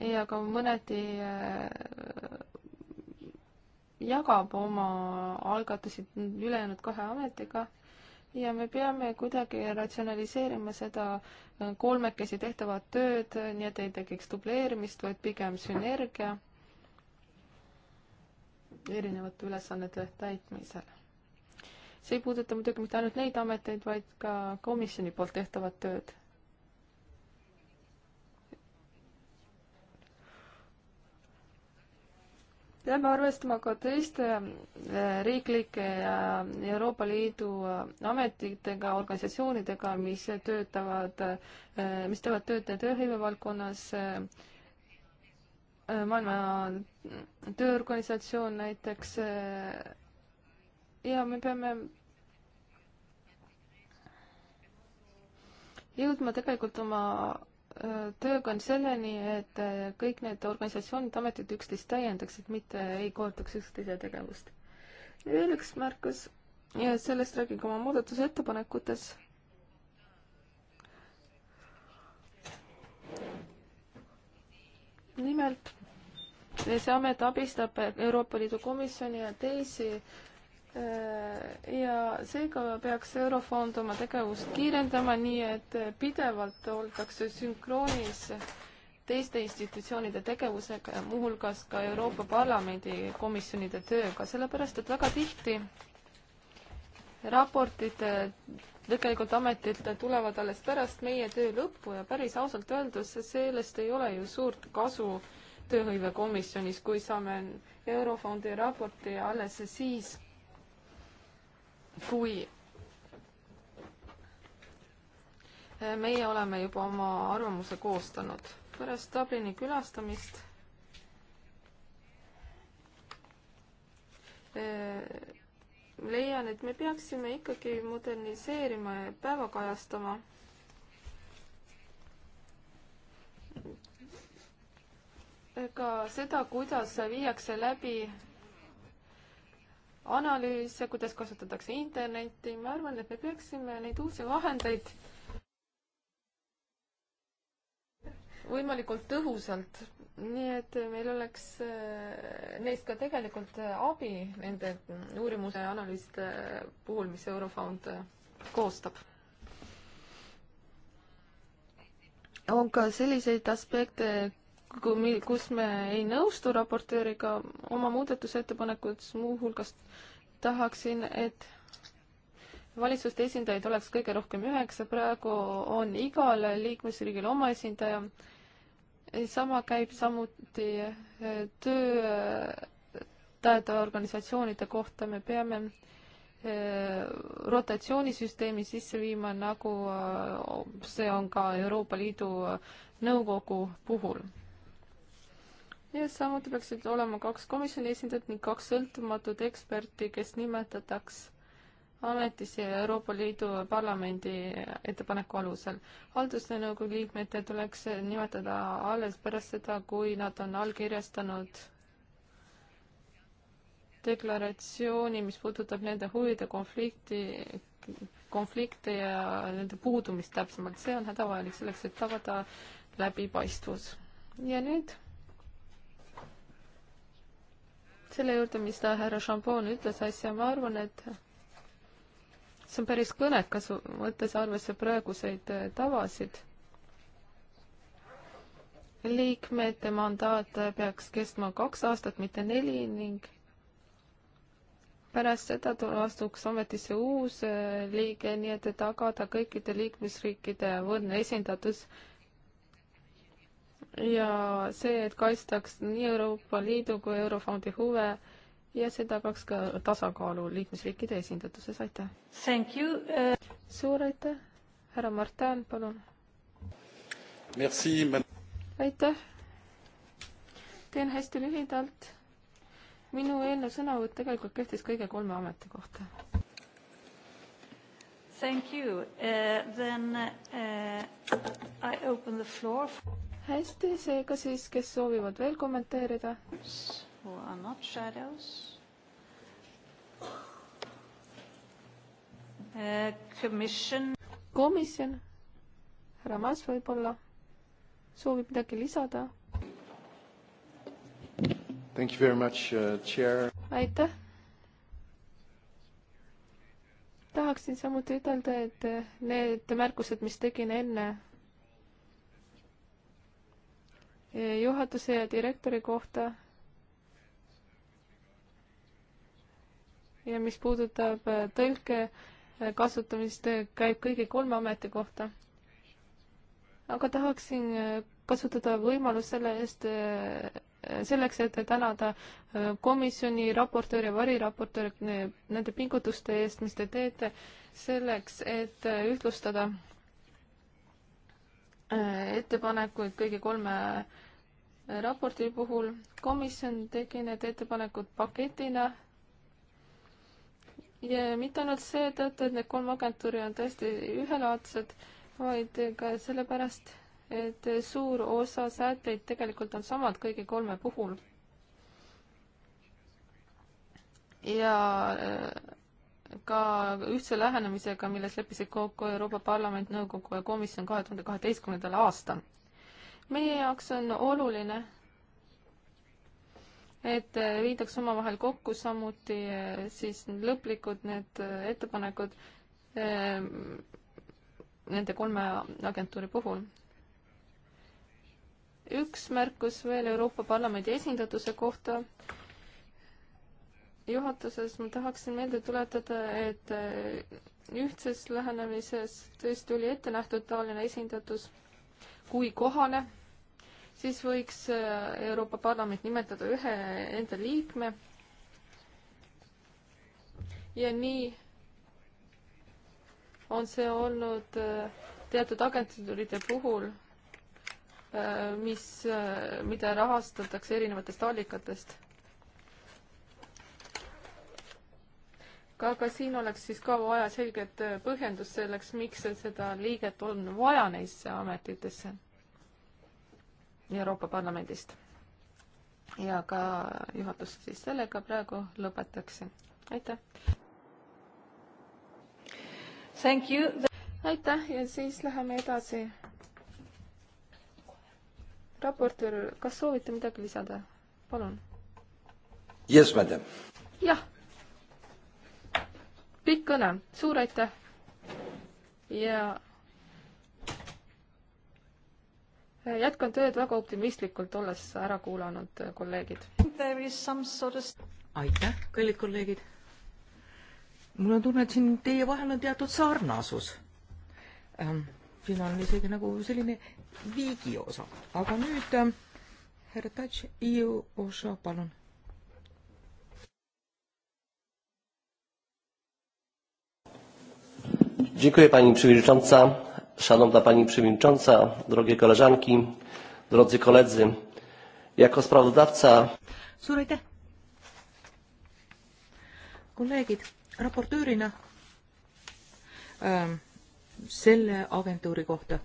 ei, aga mõneti äh, jagab oma algatusi ülejäänud kahe ametiga ja me peame kuidagi ratsionaliseerima seda äh, kolmekesi tehtavat tööd, nii et ei tekiks dubleerimist, vaid pigem sünergia erinevate ülesannete täitmisel. see ei puuduta muidugi mitte ainult neid ameteid, vaid ka komisjoni poolt tehtavat tööd peame arvestama ka teiste eh, riiklike ja Euroopa Liidu eh, ametitega, organisatsioonidega, mis töötavad, eh, mis teevad tööd tööhõive valdkonnas. maailma Tööorganisatsioon näiteks. ja me peame jõudma tegelikult oma tööga on selleni, et äh, kõik need organisatsioonid, ametid üksteist täiendaksid, mitte ei koondaks üksteise tegevust. veel üks märkus ja sellest räägin ka oma muudatusettepanekutes. nimelt see amet abistab Euroopa Liidu Komisjoni ja teisi ja seega peaks Eurofond oma tegevust kiirendama nii, et pidevalt oldakse sünkroonis teiste institutsioonide tegevusega ja muuhulgas ka Euroopa Parlamendi komisjonide tööga, sellepärast et väga tihti raportid tegelikult ametilt tulevad alles pärast meie töö lõppu ja päris ausalt öeldes sellest ei ole ju suurt kasu tööhõivekomisjonis, kui saame Eurofondi raporti alles siis, kui meie oleme juba oma arvamuse koostanud. pärast Dublini külastamist eh, leian, et me peaksime ikkagi moderniseerima ja päevakajastama ka seda, kuidas viiakse läbi analüüs, kuidas kasutatakse internetti, ma arvan, et me peaksime neid uusi vahendeid võimalikult tõhusalt, nii et meil oleks äh, neist ka tegelikult äh, abi nende uurimuse ja analüüside puhul, mis Eurofond äh, koostab. on ka selliseid aspekte, kui, kus me ei nõustu raportööriga, oma muudatusettepanekutes muuhulgas tahaksin, et valitsuste esindajaid oleks kõige rohkem üheksa, praegu on igal liikmesriigil oma esindaja. sama käib samuti eh, töötajate organisatsioonide kohta, me peame eh, rotatsioonisüsteemi sisse viima, nagu eh, see on ka Euroopa Liidu Nõukogu puhul ja samuti peaksid olema kaks komisjoni esindajat ning kaks sõltumatut eksperti, kes nimetataks ametisse Euroopa Liidu Parlamendi ettepaneku alusel. haldusnõukogu liikmete tuleks nimetada alles pärast seda, kui nad on allkirjastanud deklaratsiooni, mis puudutab nende huvide konflikti, konflikte ja nende puudumist täpsemalt, see on hädavajalik selleks, et tagada läbipaistvus. ja nüüd selle juurde, mis ta härra Šampoon ütles äsja, ma arvan, et see on päris kõnekas, võttes arvesse praeguseid äh, tavasid. liikmete mandaat äh, peaks kestma kaks aastat, mitte neli ning pärast seda astuks ametisse uus äh, liige, nii et tagada kõikide liikmesriikide võrdne esindatus ja see, et kaitstaks nii Euroopa Liidu kui Eurofondi huve ja see tagaks ka tasakaalu liikmesriikide esindatuses, aitäh! Thank you uh...! suur aitäh, härra Martin, palun! Merci, aitäh! teen hästi lühidalt. minu eelnev sõnavõtt tegelikult kehtis kõige kolme ameti kohta. Thank you uh,. Then uh, I open the floor for hästi, seega siis, kes soovivad veel kommenteerida? Who are not shadows? Uh, commission. komisjon, härra Mas võib-olla soovib midagi lisada? Thank you very much uh,, chair. aitäh. tahaksin samuti ütelda, et need märkused, mis tegin enne juhatuse ja direktori kohta. ja mis puudutab äh, tõlke äh, kasutamist, äh, käib kõigi kolme ameti kohta. aga tahaksin kasutada võimalust selle eest, selleks, et tänada komisjoni raportööri ja variraportööri nende pingutuste eest, mis te teete selleks, et ühtlustada ettepanekuid kõigi kolme raporti puhul komisjon tegi need ettepanekud paketina ja mitte ainult seetõttu, et need kolm agentuuri on tõesti ühelaadsed, vaid ka sellepärast, et suur osa sätteid tegelikult on samad kõigi kolme puhul. ja äh, ka ühtse lähenemisega, milles leppisid kokku Euroopa Parlament, Nõukogu ja Komisjon kahe tuhande kaheteistkümnendal aastal meie jaoks on oluline, et äh, viidaks omavahel kokku samuti äh, siis lõplikud need äh, ettepanekud ähm, nende kolme agentuuri puhul. üks märkus veel Euroopa Parlamendi esindatuse kohta juhatuses ma tahaksin meelde tuletada, et ühtses lähenemises tõesti oli ette nähtud taoline esindatus kui kohane, siis võiks äh, Euroopa Parlament nimetada ühe enda liikme ja nii on see olnud äh, teatud agentuuride puhul, äh, mis, mida rahastatakse erinevatest allikatest. ka, aga siin oleks siis ka vaja selget äh, põhjendust selleks, miks seda liiget on vaja neisse ametitesse Euroopa Parlamendist. ja ka juhatus siis sellega praegu lõpetaksin. aitäh! aitäh ja siis läheme edasi. raportöör, kas soovite midagi lisada? palun. jah, madam. jah pikk kõne, suur aitäh ja jätkan tööd väga optimistlikult, olles ära kuulanud kolleegid. Sort of... aitäh, kallid kolleegid. mul on tunne, et siin teie vahel on teatud sarnasus ähm,. siin on isegi nagu selline viigi osa, aga nüüd ähm, härra Tatš, EU osa, palun Dziękuję Pani Przewodnicząca, Szanowna Pani Przewodnicząca, drogie koleżanki, drodzy koledzy. Jako sprawozdawca... Suur aitäh! kolleegid, raportöörina ähm, selle agentuuri kohta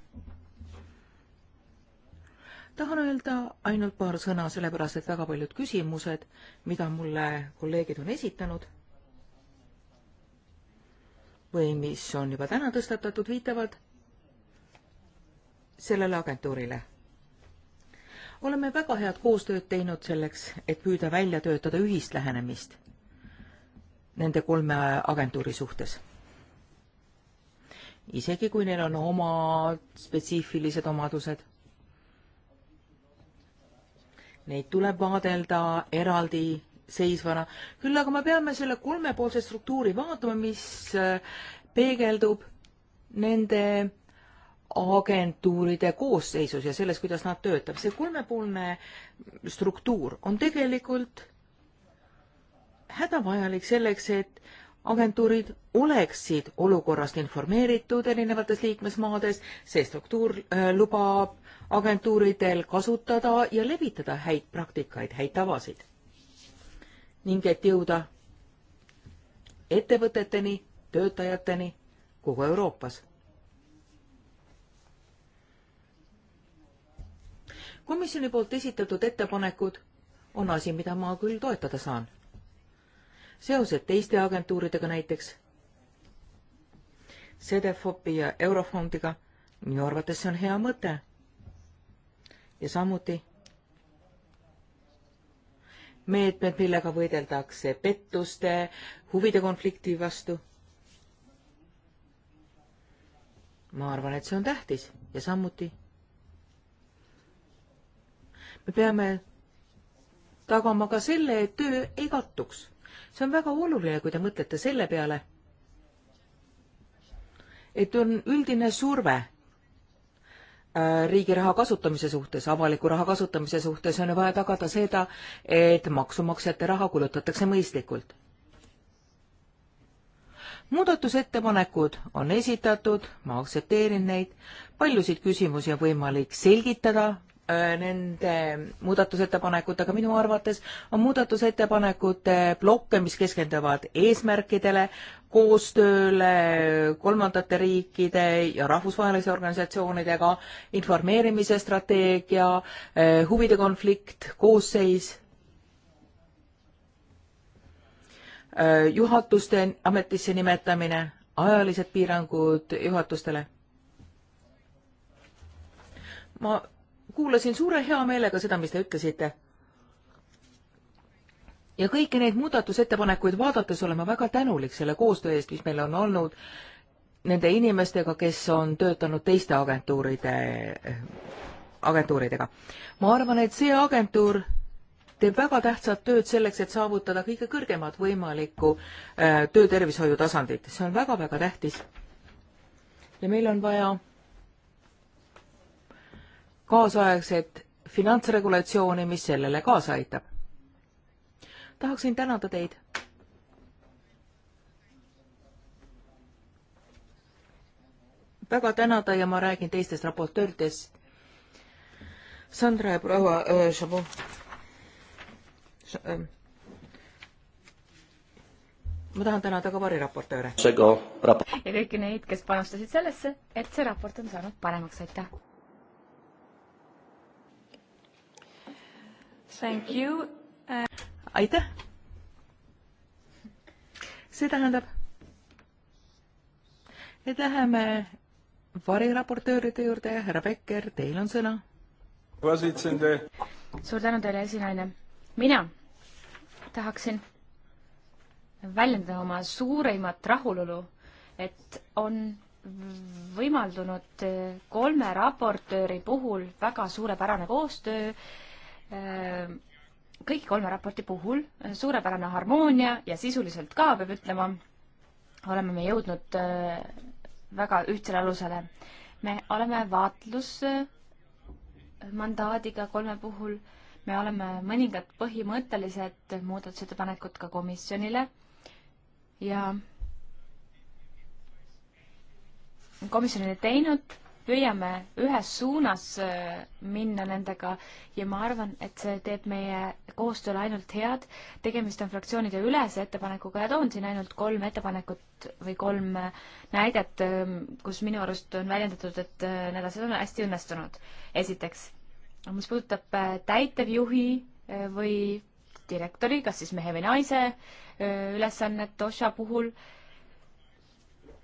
tahan öelda ainult paar sõna, sellepärast et väga paljud küsimused, mida mulle kolleegid on esitanud või mis on juba täna tõstatatud, viitavad sellele agentuurile. oleme väga head koostööd teinud selleks, et püüda välja töötada ühist lähenemist nende kolme agentuuri suhtes. isegi, kui neil on oma spetsiifilised omadused. Neid tuleb vaadelda eraldi seisvana. küll aga me peame selle kolmepoolse struktuuri vaatama, mis äh, peegeldub nende agentuuride koosseisus ja selles, kuidas nad töötab. see kolmepoolne struktuur on tegelikult hädavajalik selleks, et agentuurid oleksid olukorrast informeeritud erinevates liikmesmaades, see struktuur äh, lubab agentuuridel kasutada ja levitada häid praktikaid, häid tavasid ning et jõuda ettevõteteni, töötajateni kogu Euroopas. komisjoni poolt esitatud ettepanekud on asi, mida ma küll toetada saan. seosed teiste agentuuridega näiteks, CDFOP-i ja Eurofondiga, minu arvates see on hea mõte. ja samuti meetmed, millega võideldakse pettuste, huvide konflikti vastu. ma arvan, et see on tähtis ja samuti me peame tagama ka selle, et töö ei kattuks. see on väga oluline, kui te mõtlete selle peale, et on üldine surve Äh, riigi raha kasutamise suhtes, avaliku raha kasutamise suhtes on vaja tagada seda, et maksumaksjate raha kulutatakse mõistlikult. muudatusettepanekud on esitatud, ma aktsepteerin neid, paljusid küsimusi on võimalik selgitada äh, nende muudatusettepanekutega, minu arvates on muudatusettepanekute plokke, mis keskenduvad eesmärkidele, koostööle kolmandate riikide ja rahvusvahelise organisatsioonidega, informeerimise strateegia, eh, huvide konflikt, koosseis, eh, juhatuste ametisse nimetamine, ajalised piirangud juhatustele. ma kuulasin suure heameelega seda, mis te ütlesite ja kõiki neid muudatusettepanekuid vaadates olen ma väga tänulik selle koostöö eest, mis meil on olnud nende inimestega, kes on töötanud teiste agentuuride, agentuuridega. ma arvan, et see agentuur teeb väga tähtsat tööd selleks, et saavutada kõige kõrgemat võimalikku äh, töötervishoiu tasandit. see on väga-väga tähtis. ja meil on vaja kaasaegset finantsregulatsiooni, mis sellele kaasa aitab tahaksin tänada teid. väga tänada ja ma räägin teistest raportööridest. Sandra ja proua äh, Šabu äh.. ma tahan tänada ka variraportööre. ja kõiki neid, kes panustasid sellesse, et see raport on saanud paremaks, aitäh. Thank you aitäh! see tähendab, et läheme variraportööride juurde, härra Becker, teil on sõna. suur tänu teile, esinaine. mina tahaksin väljendada oma suurimat rahulolu, et on võimaldunud kolme raportööri puhul väga suurepärane koostöö äh, kõigi kolme raporti puhul äh, suurepärane harmoonia ja sisuliselt ka, peab ütlema, oleme me jõudnud äh, väga ühtsele alusele. me oleme vaatlusmandaadiga kolme puhul, me oleme mõningad põhimõttelised muudatusettepanekud ka komisjonile ja komisjonile teinud püüame ühes suunas äh, minna nendega ja ma arvan, et see teeb meie koostööle ainult head. tegemist on fraktsioonide ülese ettepanekuga ja toon siin ainult kolm ettepanekut või kolm äh, näidet, ähm, kus minu arust on väljendatud, et äh, need asjad on hästi õnnestunud. esiteks, mis puudutab täitevjuhi või direktori, kas siis mehe või naise ülesannet OSHA puhul,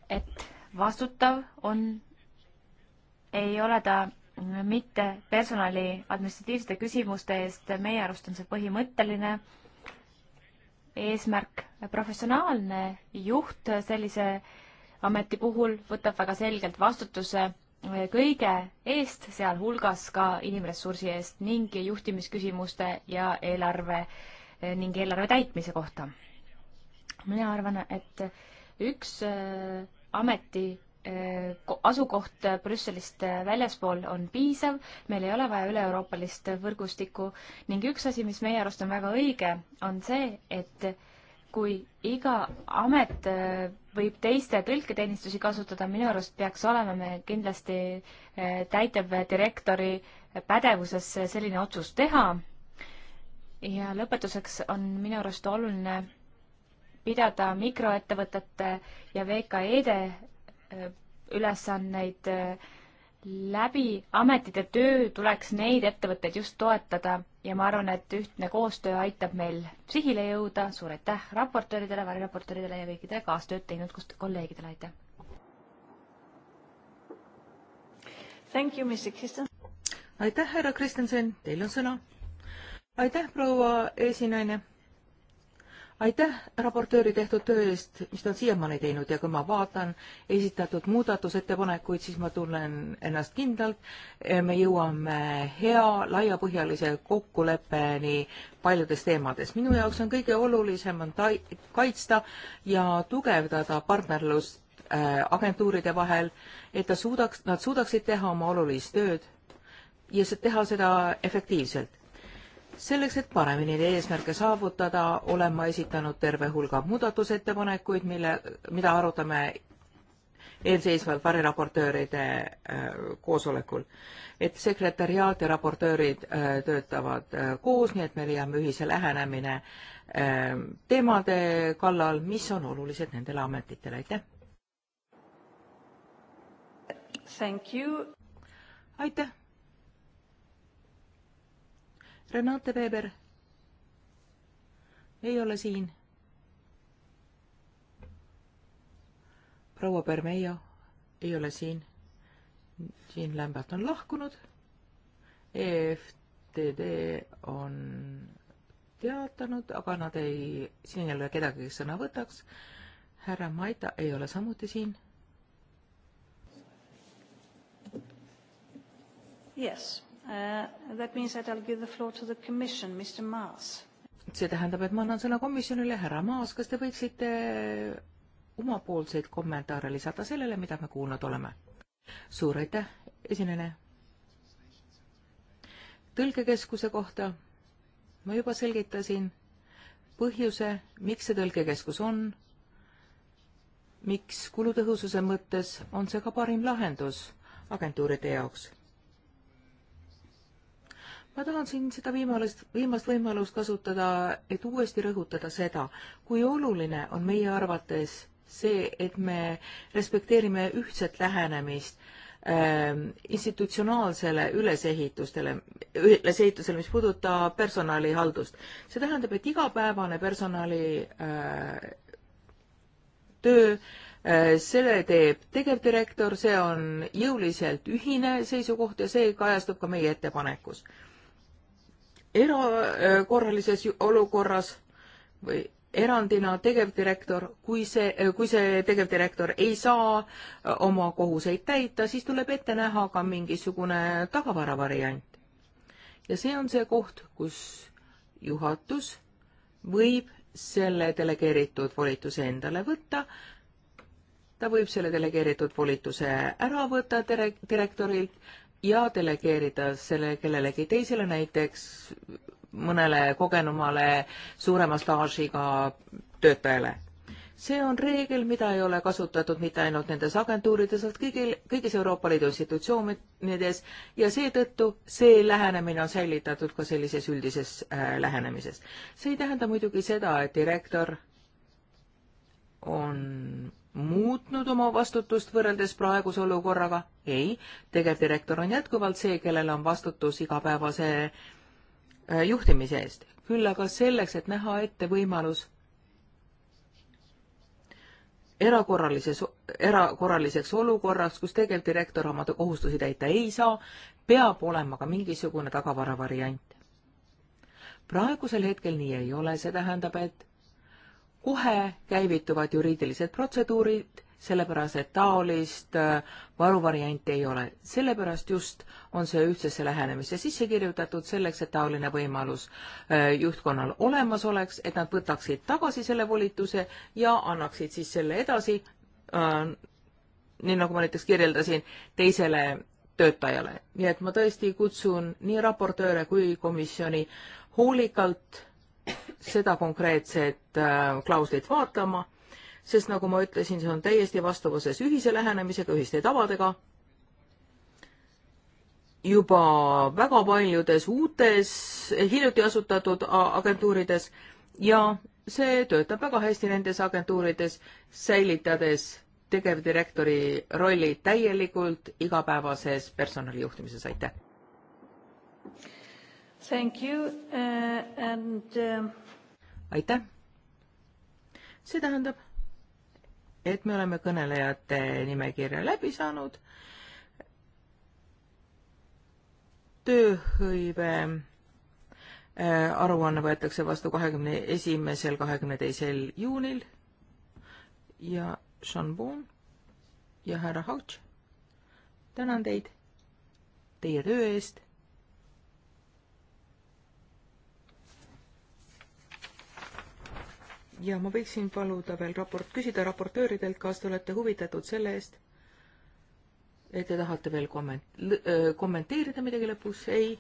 et vastutav on ei ole ta mitte personali administratiivsete küsimuste eest, meie arust on see põhimõtteline eesmärk. professionaalne juht sellise ameti puhul võtab väga selgelt vastutuse kõige eest, sealhulgas ka inimressursi eest ning juhtimisküsimuste ja eelarve ning eelarve täitmise kohta. mina arvan, et üks äh, ameti asukoht Brüsselist väljaspool on piisav, meil ei ole vaja üle-euroopalist võrgustikku ning üks asi, mis meie arust on väga õige, on see, et kui iga amet äh, võib teiste tõlketeenistusi kasutada, minu arust peaks olema me kindlasti äh, täitevdirektori pädevuses selline otsus teha. ja lõpetuseks on minu arust oluline pidada mikroettevõtete ja VKE-de ülesanneid äh, läbi ametite töö tuleks neid ettevõtteid just toetada ja ma arvan, et ühtne koostöö aitab meil sihile jõuda. suur aitäh raportööridele, variraportööridele ja kõikidele kaastööd teinud kolleegidele, aitäh! aitäh, härra Kristensen, teil on sõna. aitäh, proua esinaine aitäh raportööri tehtud töö eest, mis ta on siiamaani teinud ja kui ma vaatan esitatud muudatusettepanekuid, siis ma tunnen ennast kindlalt. me jõuame hea laiapõhjalise kokkuleppeni paljudes teemades. minu jaoks on kõige olulisem on ta-, kaitsta ja tugevdada partnerlust äh, agentuuride vahel, et ta suudaks, nad suudaksid teha oma olulist tööd ja teha seda efektiivselt selleks, et paremini neid eesmärke saavutada, olen ma esitanud terve hulga muudatusettepanekuid, mille, mida arutame eelseisval variraportööride äh, koosolekul. et sekretäriaat ja raportöörid äh, töötavad äh, koos, nii et me leiame ühise lähenemine äh, teemade kallal, mis on olulised nendele ametitele, aitäh! aitäh! Renate Weber ei ole siin. proua Bermejo ei ole siin. Jean Lambert on lahkunud. EFTD on teatanud, aga nad ei, siin ei ole kedagi, kes sõna võtaks. härra Maida ei ole samuti siin. Yes Uh, that means that I'll give the floor to the commission, Mr Maas. see tähendab, et ma annan sõna komisjonile, härra Maas, kas te võiksite omapoolseid kommentaare lisada sellele, mida me kuulnud oleme? suur aitäh, esinejale. tõlkekeskuse kohta ma juba selgitasin põhjuse, miks see tõlkekeskus on, miks kulutõhususe mõttes on see ka parim lahendus agentuuride jaoks ma tahan siin seda viimast, viimast võimalust kasutada, et uuesti rõhutada seda, kui oluline on meie arvates see, et me respekteerime ühtset lähenemist ähm, institutsionaalsele ülesehitustele, ülesehitusele, mis puudutab personalihaldust. see tähendab, et igapäevane personali äh, töö äh, selle teeb tegevdirektor, see on jõuliselt ühine seisukoht ja see kajastub ka meie ettepanekus äh, erakorralises olukorras või erandina tegevdirektor, kui see, kui see tegevdirektor ei saa äh, oma kohuseid täita, siis tuleb ette näha ka mingisugune tagavaravariant. ja see on see koht, kus juhatus võib selle delegeeritud volituse endale võtta, ta võib selle delegeeritud volituse ära võtta direktorilt ja delegeerida selle kellelegi teisele, näiteks mõnele kogenumale suurema staažiga töötajale. see on reegel, mida ei ole kasutatud mitte ainult nendes agentuurides, vaid kõigil, kõigis Euroopa Liidu institutsioonides ja seetõttu see lähenemine on säilitatud ka sellises üldises äh, lähenemises. see ei tähenda muidugi seda, et direktor on muutnud oma vastutust võrreldes praeguse olukorraga? ei, tegevdirektor on jätkuvalt see, kellel on vastutus igapäevase äh, juhtimise eest. küll aga selleks, et näha ette võimalus erakorralises, erakorraliseks olukorraks, kus tegevdirektor oma kohustusi täita ei saa, peab olema ka mingisugune tagavaravariant. praegusel hetkel nii ei ole, see tähendab, et kohe käivituvad juriidilised protseduurid, sellepärast et taolist äh, varuvarianti ei ole. sellepärast just on see ühtsesse lähenemisse sisse kirjutatud, selleks et taoline võimalus äh, juhtkonnal olemas oleks, et nad võtaksid tagasi selle volituse ja annaksid siis selle edasi äh,, nii nagu ma näiteks kirjeldasin, teisele töötajale. nii et ma tõesti kutsun nii raportööre kui komisjoni hoolikalt seda konkreetset äh, klauslit vaatama, sest nagu ma ütlesin, see on täiesti vastavuses ühise lähenemisega, ühiste tavadega. juba väga paljudes uutes hiljuti asutatud agentuurides ja see töötab väga hästi nendes agentuurides, säilitades tegevdirektori rolli täielikult igapäevases personalijuhtimises, aitäh! Thank you uh, and uh... aitäh. see tähendab, et me oleme kõnelejate nimekirja läbi saanud. tööhõive äh, aruanne võetakse vastu kahekümne esimesel, kahekümne teisel juunil ja Šambon ja härra Hautš, tänan teid teie töö eest ja ma võiksin paluda veel raport, küsida raportööridelt, kas te olete huvitatud selle eest, et te tahate veel komment-, äh, kommenteerida midagi lõpus, ei.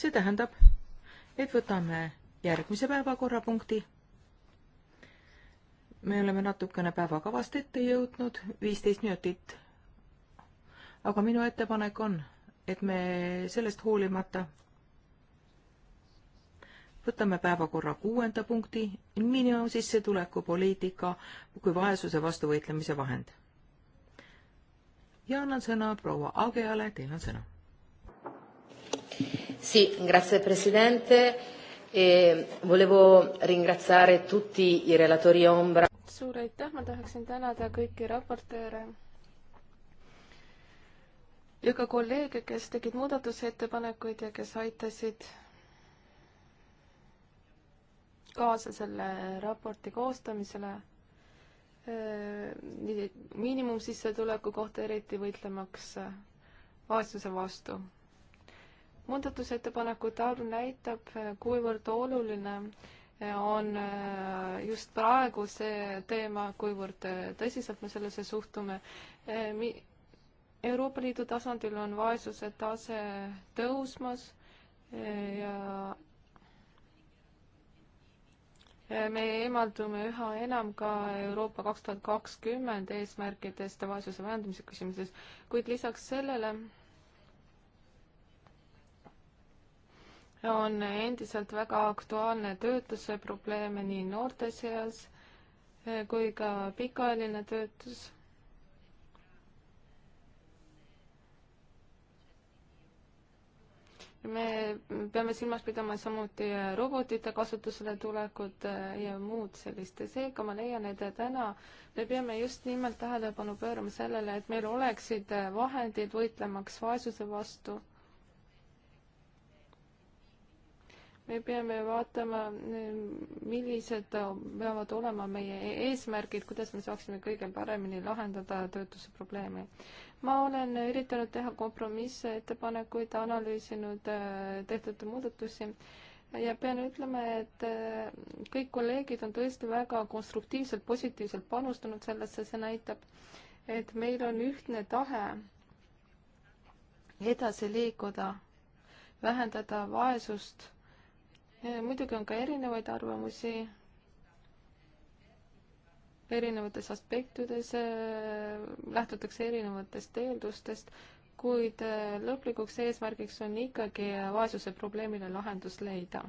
see tähendab, et võtame järgmise päevakorrapunkti. me oleme natukene päevakavast ette jõudnud, viisteist minutit. aga minu ettepanek on, et me sellest hoolimata võtame päevakorra kuuenda punkti, miinimumsissetuleku poliitika kui vaesuse vastu võitlemise vahend. ja annan sõna proua Ageale, teil on sõna. Sì, grazie Presidente e volevo ringraziare tutti i relatori ombra. suur aitäh, ma tahaksin tänada kõiki raportööre ja ka kolleege, kes tegid muudatusettepanekuid ja kes aitasid kaasa selle raporti koostamisele miinimumsissetuleku kohta eriti võitlemaks vaesuse vastu. muudatusettepanekute arv näitab, kuivõrd oluline on just praegu see teema, kuivõrd tõsiselt me sellesse suhtume. Euroopa Liidu tasandil on vaesuse tase tõusmas ja me eemaldume üha enam ka Euroopa kaks tuhat kakskümmend eesmärkidest vaesuse vähendamise küsimuses, kuid lisaks sellele on endiselt väga aktuaalne töötuse probleem nii noorte seas kui ka pikaajaline töötus me peame silmas pidama samuti robotite kasutusele tulekut äh, ja muud sellist. seega ma leian, et täna me peame just nimelt tähelepanu pöörama sellele, et meil oleksid äh, vahendid võitlemaks vaesuse vastu. me peame vaatama, äh, millised peavad olema meie eesmärgid, kuidas me saaksime kõige paremini lahendada töötuse probleemi ma olen üritanud teha kompromisse, ettepanekuid, analüüsinud äh, tehtud muudatusi ja pean ütlema, et äh, kõik kolleegid on tõesti väga konstruktiivselt, positiivselt panustanud sellesse, see näitab, et meil on ühtne tahe edasi liikuda, vähendada vaesust. muidugi on ka erinevaid arvamusi erinevates aspektides, äh, lähtutakse erinevatest eeldustest, kuid äh, lõplikuks eesmärgiks on ikkagi vaesuse probleemile lahendus leida.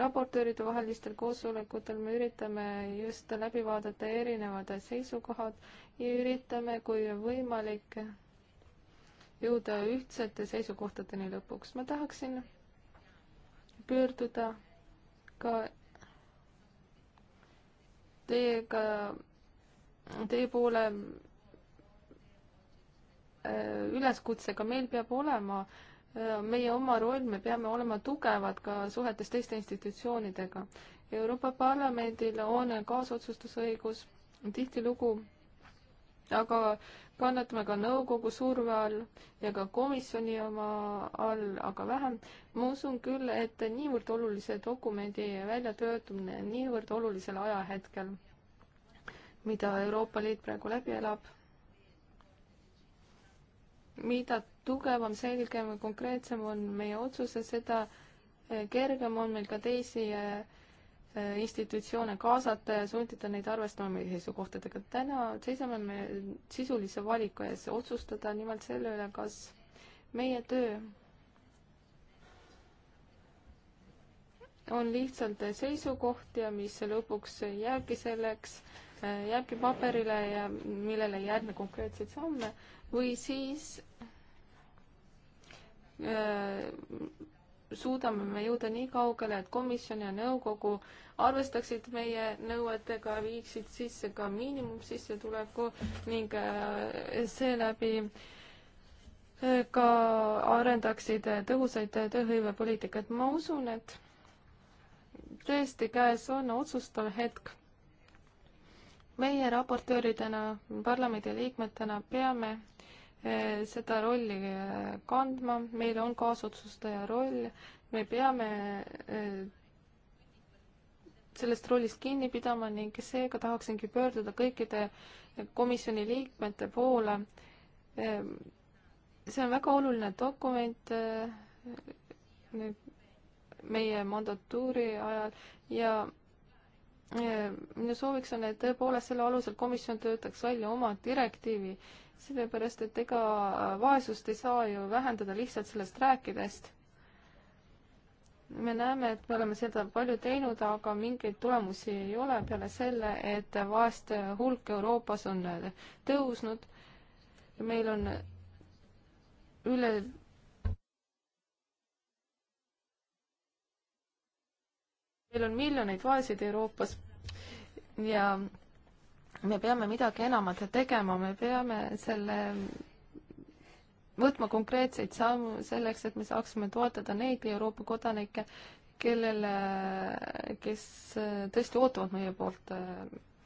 raportööride vahelistel koosolekutel me üritame just läbi vaadata erinevad seisukohad ja üritame, kui võimalik, jõuda ühtsete seisukohtadeni lõpuks. ma tahaksin pöörduda ka teiega, teie poole äh, üleskutsega, meil peab olema äh, meie oma roll, me peame olema tugevad ka suhetes teiste institutsioonidega. Euroopa Parlamendil on kaasotsustusõigus, tihtilugu aga kannatame ka nõukogu surve all ja ka komisjoni oma all, aga vähem. ma usun küll, et niivõrd olulise dokumendi väljatöötamine niivõrd olulisel ajahetkel, mida Euroopa Liit praegu läbi elab, mida tugevam, selgem ja konkreetsem on meie otsuse, seda kergem on meil ka teisi äh, Äh, institutsioone kaasata ja sundida neid arvestama meie seisukohtadega. täna seisame me sisulise valiku ees otsustada nimelt selle üle, kas meie töö on lihtsalt seisukoht ja mis lõpuks jääbki selleks, äh, jääbki paberile ja millele ei järgne konkreetseid samme või siis öö, äh, suudame me jõuda nii kaugele, et komisjon ja nõukogu arvestaksid meie nõuetega, viiksid sisse ka miinimumsissetuleku ning äh, seeläbi äh, ka arendaksid tõhusaid tööhõivepoliitikat. ma usun, et tõesti käes on otsustav hetk. meie raportööridena, parlamendi liikmetena peame Eh, seda rolli eh, kandma, meil on kaasotsustaja roll, me peame eh, sellest rollist kinni pidama ning seega tahaksingi pöörduda kõikide komisjoni liikmete poole. see on väga oluline dokument meie mandatuuri ajal ja minu sooviks on, et tõepoolest selle alusel komisjon töötaks välja oma direktiivi sellepärast et ega vaesust ei saa ju vähendada lihtsalt sellest rääkidest. me näeme, et me oleme seda palju teinud, aga mingeid tulemusi ei ole peale selle, et vaeste hulk Euroopas on tõusnud. meil on üle meil on miljoneid vaeseid Euroopas ja me peame midagi enamat tegema, me peame selle, võtma konkreetseid samme selleks, et me saaksime toetada neid Euroopa kodanikke, kellele, kes äh, tõesti ootavad meie poolt äh,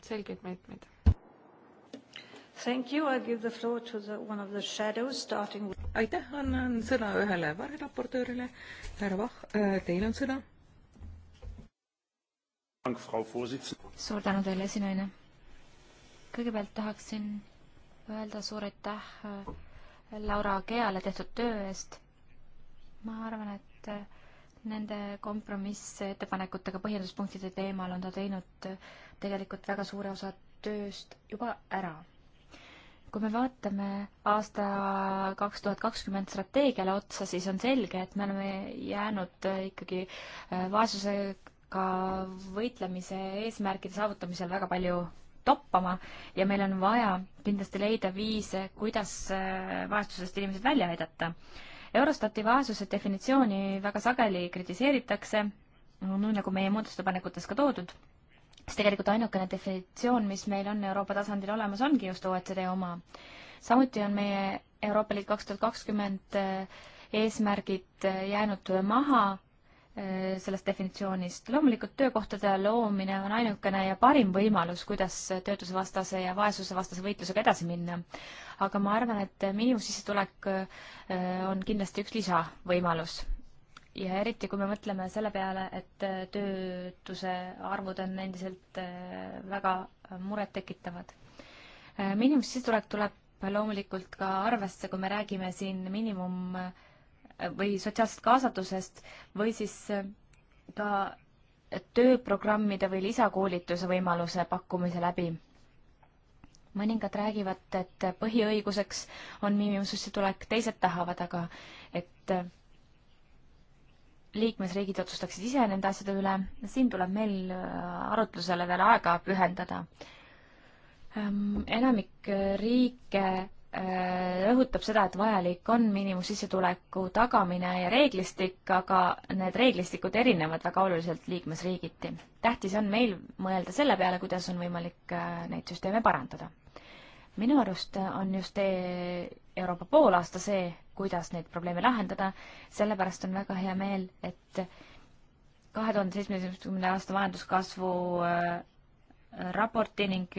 selgeid meetmeid. Thank you, I give the floor to the one of the shadows starting with aitäh, annan sõna ühele variraportöörile, härra Vah, äh, teil on sõna. suur tänu teile, esinaine kõigepealt tahaksin öelda suur aitäh äh, Laura Keale tehtud töö eest. ma arvan, et äh, nende kompromissettepanekutega põhjenduspunktide teemal on ta teinud äh, tegelikult väga suure osa tööst juba ära. kui me vaatame aasta kaks tuhat kakskümmend strateegiale otsa, siis on selge, et me oleme jäänud ikkagi vaesusega võitlemise eesmärkide saavutamisel väga palju toppama ja meil on vaja kindlasti leida viise, kuidas äh, vaesusest inimesed välja aidata. Eurostati vaesuse definitsiooni väga sageli kritiseeritakse, nii nagu meie muudatusettepanekutes ka toodud, sest tegelikult ainukene definitsioon, mis meil on Euroopa tasandil olemas, ongi just OECD oma. samuti on meie Euroopa Liit kaks tuhat kakskümmend äh, eesmärgid äh, jäänud maha Eh, sellest definitsioonist. loomulikult töökohtade loomine on ainukene ja parim võimalus, kuidas töötusevastase ja vaesusevastase võitlusega edasi minna. aga ma arvan, et miinimumsissetulek eh, on kindlasti üks lisavõimalus. ja eriti, kui me mõtleme selle peale, et eh, töötuse arvud on endiselt väga murettekitavad. miinimumsissetulek tuleb loomulikult ka arvesse, kui me räägime siin miinimum äh, või sotsiaalsest kaasatusest või siis äh, ka tööprogrammide või lisakoolituse võimaluse pakkumise läbi. mõningad räägivad, et põhiõiguseks on miinimumsissetulek, teised tahavad aga, et äh, liikmesriigid otsustaksid ise nende asjade üle, siin tuleb meil äh, arutlusele veel aega pühendada. Ähm, enamik riike Äh, rõhutab seda, et vajalik on miinimumsissetuleku tagamine ja reeglistik, aga need reeglistikud erinevad väga oluliselt liikmesriigiti. tähtis on meil mõelda selle peale, kuidas on võimalik äh, neid süsteeme parandada. minu arust on just e- Euroopa poolaasta see, kuidas neid probleeme lahendada, sellepärast on väga hea meel, et kahe tuhande seitsmeteistkümnenda aasta majanduskasvu äh, raporti ning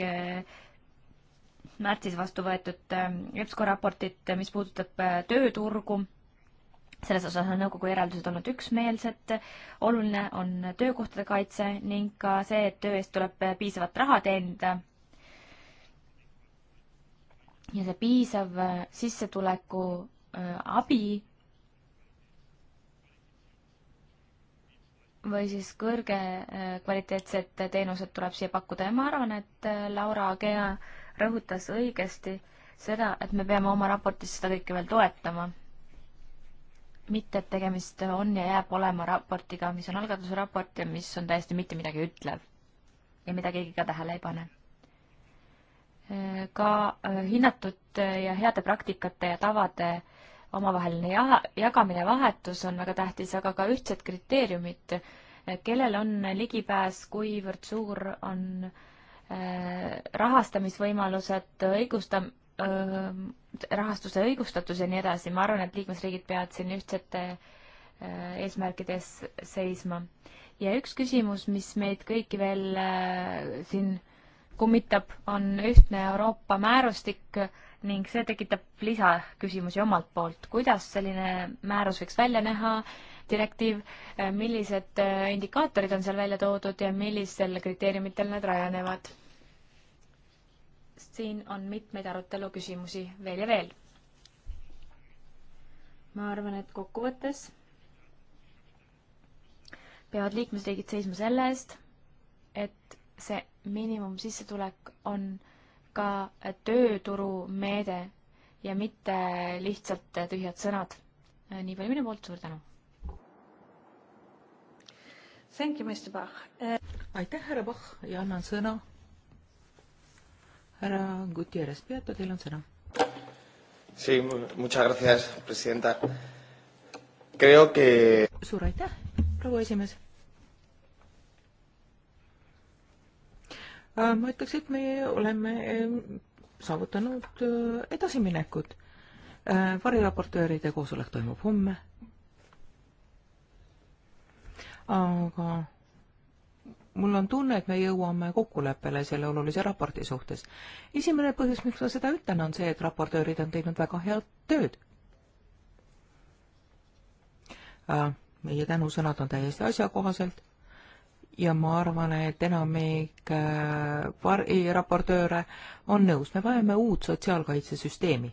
märtsis vastu võetud ähm, EBSCO raportit, äh, mis puudutab äh, tööturgu. selles osas on nõukogu järeldused olnud üksmeelsed. oluline on töökohtade kaitse ning ka see, et töö eest tuleb äh, piisavat raha teenida. ja see piisav sissetuleku abi või siis kõrge kvaliteetsed teenused tuleb siia pakkuda ja ma arvan, et Laura Agea okay, rõhutas õigesti seda, et me peame oma raportis seda kõike veel toetama. mitte, et tegemist on ja jääb olema raportiga, mis on algatusraport ja mis on täiesti mitte midagi ütlev ja mida keegi ka tähele ei pane. ka äh, hinnatud ja heade praktikate ja tavade omavaheline ja-, jagamine, vahetus on väga tähtis, aga ka ühtsed kriteeriumid, kellel on ligipääs, kuivõrd suur on äh, Äh, rahastamisvõimalused, õigusta-, äh, rahastuse õigustatus ja nii edasi, ma arvan, et liikmesriigid peavad siin ühtsete äh, eesmärkides seisma. ja üks küsimus, mis meid kõiki veel siin kummitab, on ühtne Euroopa määrustik ning see tekitab lisaküsimusi omalt poolt. kuidas selline määrus võiks välja näha, direktiiv, millised indikaatorid on seal välja toodud ja millistel kriteeriumitel need rajanevad? sest siin on mitmeid aruteluküsimusi veel ja veel. ma arvan, et kokkuvõttes peavad liikmesriigid seisma selle eest, et see miinimumsissetulek on ka tööturumeede ja mitte lihtsalt tühjad sõnad. nii palju minu poolt, suur tänu. Thank you, Mr Bach uh.... aitäh, härra Bach ja annan sõna härra Gutierrez Prieto, teil on sõna. Sí, muchas gracias, presidenta. Creo que... suur aitäh, proua esimees äh, ma ütleks, et me oleme äh, saavutanud äh, edasiminekut. variraportööride koosolek toimub homme. aga mul on tunne, et me jõuame kokkuleppele selle olulise raporti suhtes. esimene põhjus, miks ma seda ütlen, on see, et raportöörid on teinud väga head tööd. Äh, meie tänusõnad on täiesti asjakohaselt ja ma arvan, et enamik äh, var-, raportööre on nõus, me vajame uut sotsiaalkaitsesüsteemi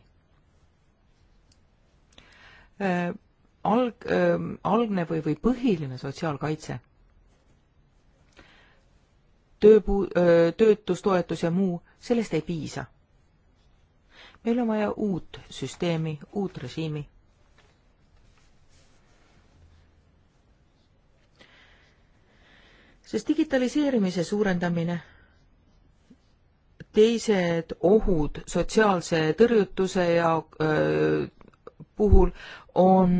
äh, alg-, algne või, või põhiline sotsiaalkaitse tööpuu-, töötustoetus ja muu, sellest ei piisa. meil on vaja uut süsteemi, uut režiimi. sest digitaliseerimise suurendamine, teised ohud sotsiaalse tõrjutuse ja öö, puhul on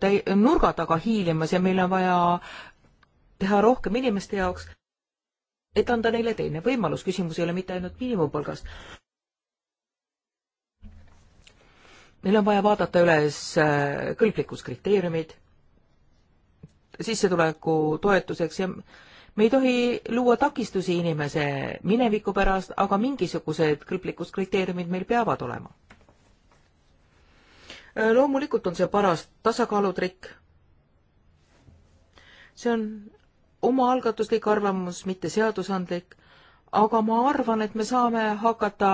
täi-, nurga taga hiilimas ja meil on vaja teha rohkem inimeste jaoks et anda neile teine võimalus, küsimus ei ole mitte ainult miinimumpalgast. meil on vaja vaadata üles äh, kõlblikkuskriteeriumid sissetuleku toetuseks ja me ei tohi luua takistusi inimese mineviku pärast, aga mingisugused kõlblikkuskriteeriumid meil peavad olema. Äh, loomulikult on see paras tasakaalutrikk. see on omaalgatuslik arvamus, mitte seadusandlik, aga ma arvan, et me saame hakata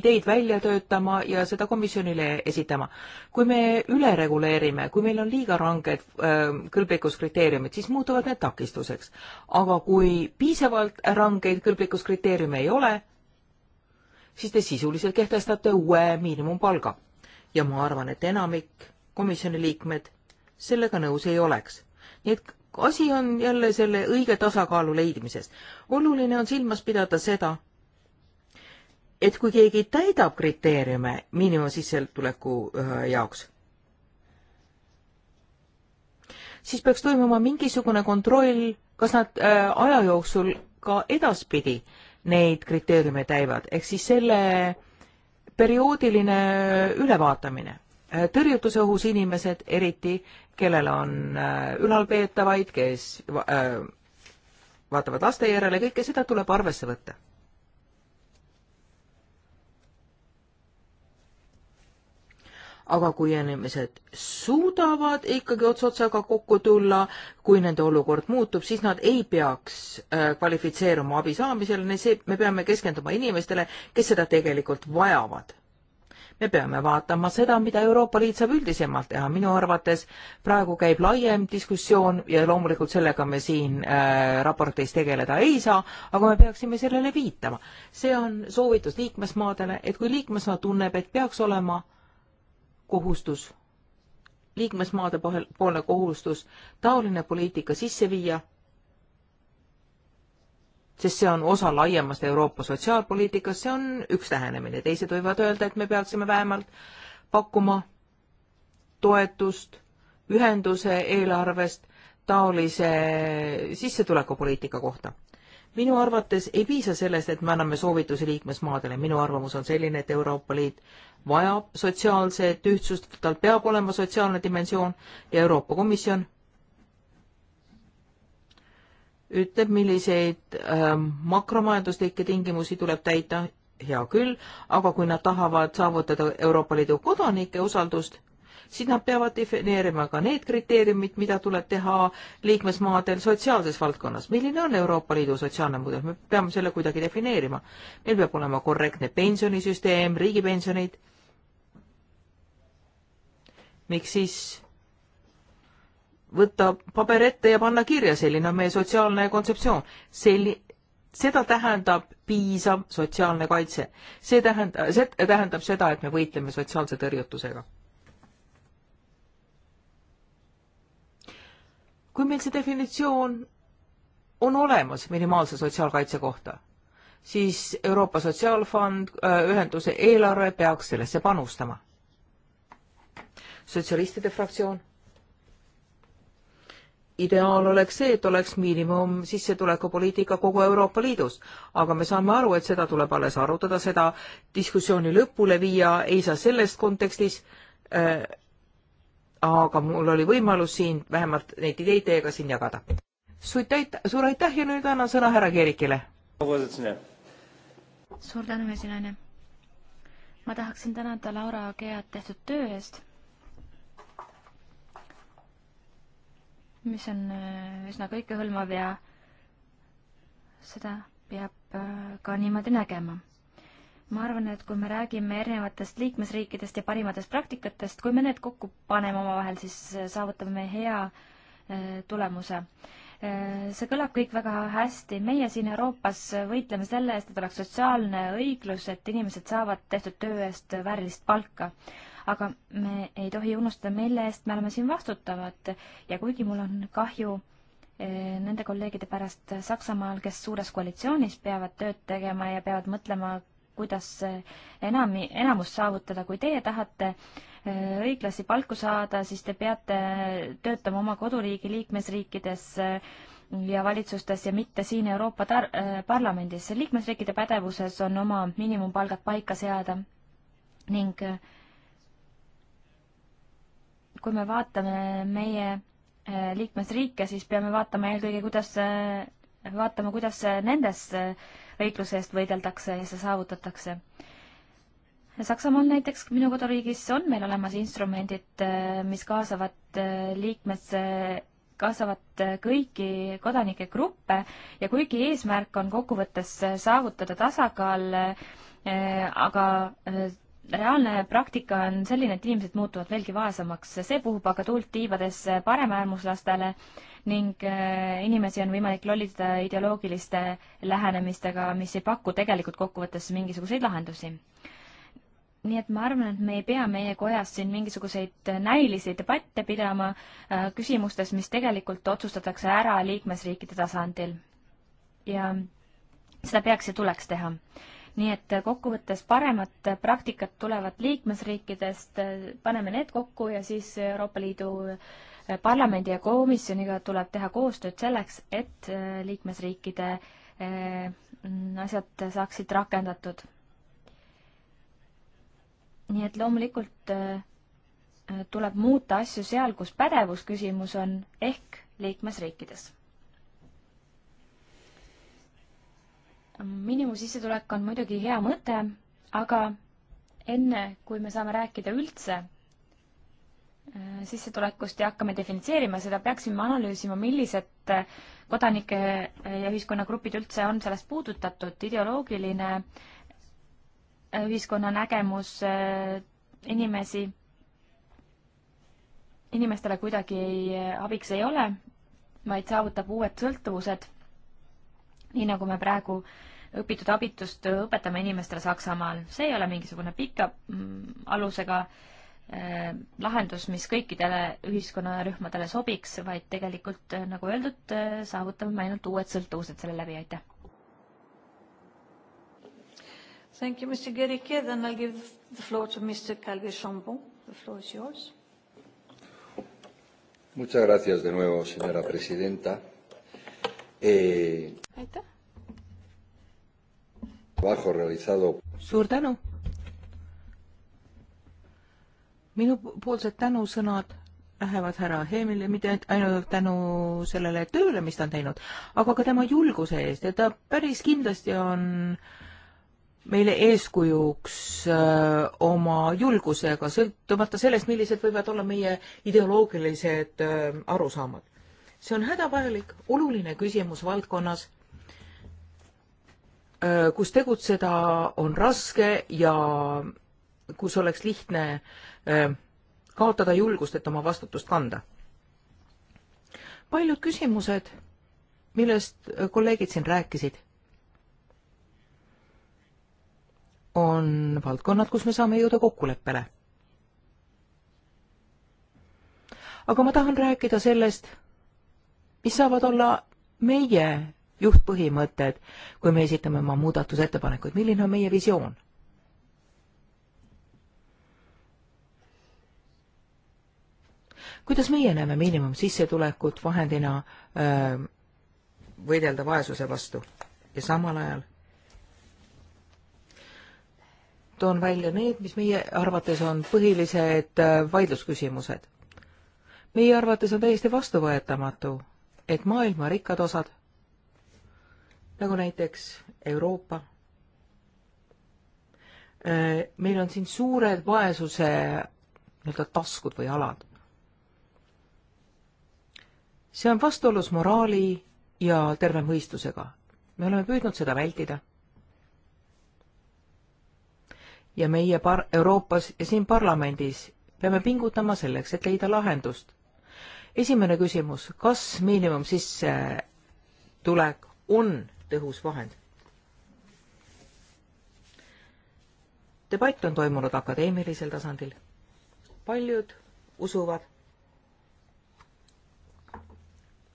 ideid välja töötama ja seda komisjonile esitama. kui me üle reguleerime, kui meil on liiga ranged ähm, kõlblikkuskriteeriumid, siis muutuvad need takistuseks. aga kui piisavalt rangeid kõlblikkuskriteeriume ei ole, siis te sisuliselt kehtestate uue miinimumpalga. ja ma arvan, et enamik komisjoni liikmed sellega nõus ei oleks. nii et asi on jälle selle õige tasakaalu leidmises. oluline on silmas pidada seda, et kui keegi täidab kriteeriume miinimumsissetuleku äh, jaoks, siis peaks toimuma mingisugune kontroll, kas nad äh, aja jooksul ka edaspidi neid kriteeriume täivad, ehk siis selle perioodiline ülevaatamine. Äh, tõrjutuse ohus inimesed eriti kellel on äh, ülalpeetavaid, kes äh, vaatavad laste järele, kõike seda tuleb arvesse võtta. aga kui inimesed suudavad ikkagi ots otsaga kokku tulla, kui nende olukord muutub, siis nad ei peaks äh, kvalifitseeruma abi saamisele, see, me peame keskenduma inimestele, kes seda tegelikult vajavad me peame vaatama seda, mida Euroopa Liit saab üldisemalt teha, minu arvates praegu käib laiem diskussioon ja loomulikult sellega me siin äh, raportis tegeleda ei saa, aga me peaksime sellele viitama. see on soovitus liikmesmaadele, et kui liikmesmaa tunneb, et peaks olema kohustus, liikmesmaade poolne kohustus taoline poliitika sisse viia sest see on osa laiemast Euroopa sotsiaalpoliitikast, see on üks lähenemine, teised võivad öelda, et me peaksime vähemalt pakkuma toetust ühenduse eelarvest taolise sissetulekupoliitika kohta. minu arvates ei piisa sellest, et me anname soovitusi liikmesmaadele, minu arvamus on selline, et Euroopa Liit vajab sotsiaalset ühtsust, tal peab olema sotsiaalne dimensioon ja Euroopa Komisjon ütleb, milliseid ähm, makromajanduslikke tingimusi tuleb täita, hea küll, aga kui nad tahavad saavutada Euroopa Liidu kodanike usaldust, siis nad peavad defineerima ka need kriteeriumid, mida tuleb teha liikmesmaadel sotsiaalses valdkonnas. milline on Euroopa Liidu sotsiaalne mudel, me peame selle kuidagi defineerima. meil peab olema korrektne pensionisüsteem, riigipensionid. miks siis võtta paber ette ja panna kirja, selline on meie sotsiaalne kontseptsioon. Selli-, seda tähendab piisav sotsiaalne kaitse. see tähendab, see tähendab seda, et me võitleme sotsiaalse tõrjutusega. kui meil see definitsioon on olemas minimaalse sotsiaalkaitse kohta, siis Euroopa Sotsiaalfond, äh, ühenduse eelarve peaks sellesse panustama. sotsialistide fraktsioon ideaal oleks see, et oleks miinimum sissetulekupoliitika kogu Euroopa Liidus, aga me saame aru, et seda tuleb alles arutada, seda diskussiooni lõpule viia ei saa selles kontekstis äh,. aga mul oli võimalus siin vähemalt neid ideid teiega siin jagada. suur aitäh ja nüüd annan sõna härra Keerikile. suur tänu, esinaine. ma tahaksin tänada Laura Kead tehtud töö eest mis on äh, üsna kõikehõlmav ja seda peab äh, ka niimoodi nägema. ma arvan, et kui me räägime erinevatest liikmesriikidest ja parimatest praktikatest, kui me need kokku paneme omavahel, siis äh, saavutame hea tulemuse. see kõlab kõik väga hästi, meie siin Euroopas võitleme selle eest, et oleks sotsiaalne õiglus, et inimesed saavad tehtud töö eest väärilist palka aga me ei tohi unustada, mille eest me oleme siin vastutavad ja kuigi mul on kahju eh, nende kolleegide pärast Saksamaal, kes suures koalitsioonis peavad tööd tegema ja peavad mõtlema, kuidas eh, enam, enamust saavutada, kui teie tahate eh, õiglasi palku saada, siis te peate töötama oma koduriigi liikmesriikides ja valitsustes ja mitte siin Euroopa tar-, parlamendis. liikmesriikide pädevuses on oma miinimumpalgad paika seada ning äh, kui me vaatame meie eh, liikmesriike, siis peame vaatama eelkõige, kuidas, eh, vaatama, kuidas eh, nendes õigluse eest võideldakse ja see saavutatakse. Saksamaal näiteks minu koduriigis on meil olemas instrumendid, mis kaasavad liikmes, kaasavad kõiki kodanike gruppe ja kuigi eesmärk on kokkuvõttes saavutada tasakaal, aga reaalne praktika on selline, et inimesed muutuvad veelgi vaesemaks, see puhub aga tuult tiibadesse paremäärmuslastele ning äh, inimesi on võimalik lollitada ideoloogiliste lähenemistega, mis ei paku tegelikult kokkuvõttes mingisuguseid lahendusi. nii et ma arvan, et me ei pea meie kojas siin mingisuguseid näilisi debatte pidama äh, küsimustes, mis tegelikult otsustatakse ära liikmesriikide tasandil. ja seda peaks ja tuleks teha nii et kokkuvõttes paremad praktikad tulevad liikmesriikidest, äh, paneme need kokku ja siis Euroopa Liidu äh, parlamendi ja komisjoniga tuleb teha koostööd selleks, et äh, liikmesriikide asjad saaksid rakendatud nii et loomulikult tuleb muuta asju seal, kus pädevusküsimus on, ehk liikmesriikides. miinimumsissetulek on muidugi hea mõte, aga enne, kui me saame rääkida üldse äh, sissetulekust ja hakkame defineerima seda, peaksime analüüsima, millised äh, kodanike äh, ja ühiskonnagrupid üldse on sellest puudutatud, ideoloogiline ühiskonna nägemus inimesi, inimestele kuidagi ei, abiks ei ole, vaid saavutab uued sõltuvused, nii nagu me praegu äh, õpitud abitust õpetame inimestele Saksamaal. see ei ole mingisugune pika mm, alusega eh, lahendus, mis kõikidele ühiskonnarühmadele sobiks, vaid tegelikult, äh, nagu öeldud, äh, saavutame me ainult uued sõltuvused selle läbi, aitäh. Thank you, Mr Gerike, then I will give the floor to Mr Calvi Chambon, the floor is yours. Muchas gracias de nuevo, señora presidenta eh.... aitäh suur tänu! minupoolsed tänusõnad lähevad härra Heemile mitte ainult tänu sellele tööle, mis ta on teinud, aga ka tema julguse eest ja ta päris kindlasti on meile eeskujuks öö, äh, oma julgusega, sõltumata sellest, millised võivad olla meie ideoloogilised öö, äh, arusaamad. see on hädavajalik, oluline küsimus valdkonnas Äh, kus tegutseda on raske ja kus oleks lihtne äh, kaotada julgust, et oma vastutust kanda. paljud küsimused, millest äh, kolleegid siin rääkisid, on valdkonnad, kus me saame jõuda kokkuleppele. aga ma tahan rääkida sellest, mis saavad olla meie juhtpõhimõtted, kui me esitame oma muudatusettepanekuid, milline on meie visioon? kuidas meie näeme miinimumsissetulekut vahendina öö, ähm, võidelda vaesuse vastu ja samal ajal toon välja need, mis meie arvates on põhilised äh, vaidlusküsimused. meie arvates on täiesti vastuvõetamatu, et maailma rikkad osad nagu näiteks Euroopa. Äh, meil on siin suured vaesuse nii-öelda taskud või alad. see on vastuolus moraali ja terve mõistusega. me oleme püüdnud seda vältida. ja meie par-, Euroopas ja siin parlamendis peame pingutama selleks, et leida lahendust. esimene küsimus, kas miinimumsissetulek on tõhus vahend. debatt on toimunud akadeemilisel tasandil. paljud usuvad,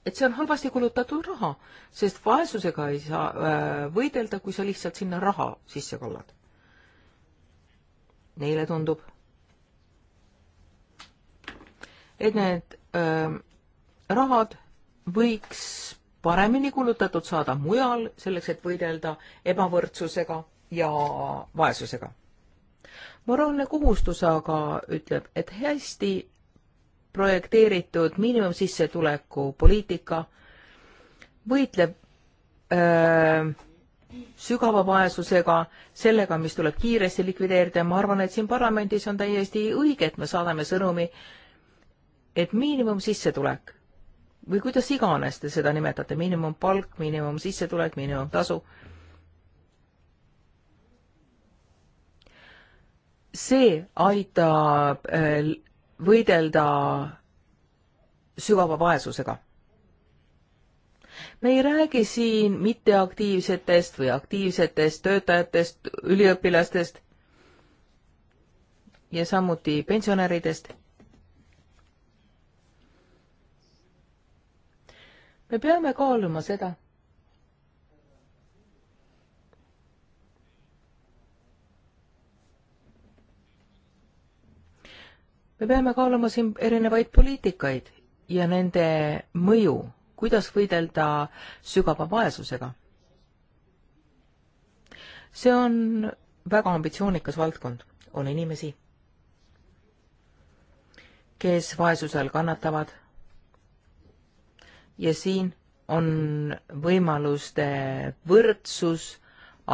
et see on halvasti kulutatud raha, sest vaesusega ei saa äh, võidelda, kui sa lihtsalt sinna raha sisse kallad. Neile tundub, et need äh, rahad võiks paremini kulutatud saada mujal, selleks et võidelda ebavõrdsusega ja vaesusega. moraalne kohustus aga ütleb, et hästi projekteeritud miinimumsissetuleku poliitika võitleb öö, sügava vaesusega, sellega, mis tuleb kiiresti likvideerida ja ma arvan, et siin parlamendis on täiesti õige, et me saadame sõnumi, et miinimumsissetulek või kuidas iganes te seda nimetate, miinimumpalk, miinimumsissetulek, miinimumtasu. see aitab äh, võidelda sügava vaesusega. me ei räägi siin mitteaktiivsetest või aktiivsetest töötajatest, üliõpilastest ja samuti pensionäridest me peame kaaluma seda me peame kaaluma siin erinevaid poliitikaid ja nende mõju, kuidas võidelda sügava vaesusega. see on väga ambitsioonikas valdkond, on inimesi, kes vaesuse all kannatavad ja siin on võimaluste võrdsus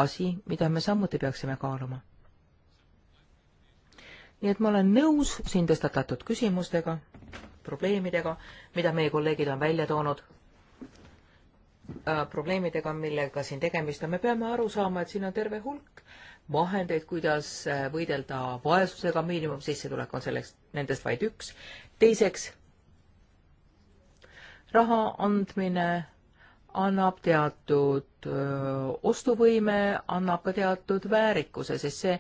asi, mida me samuti peaksime kaaluma. nii et ma olen nõus siin tõstatatud küsimustega, probleemidega, mida meie kolleegid on välja toonud, äh, probleemidega, millega siin tegemist on, me peame aru saama, et siin on terve hulk vahendeid, kuidas äh, võidelda vaesusega, miinimumsissetulek on selleks, nendest vaid üks. teiseks raha andmine annab teatud öö, ostuvõime, annab ka teatud väärikuse, sest see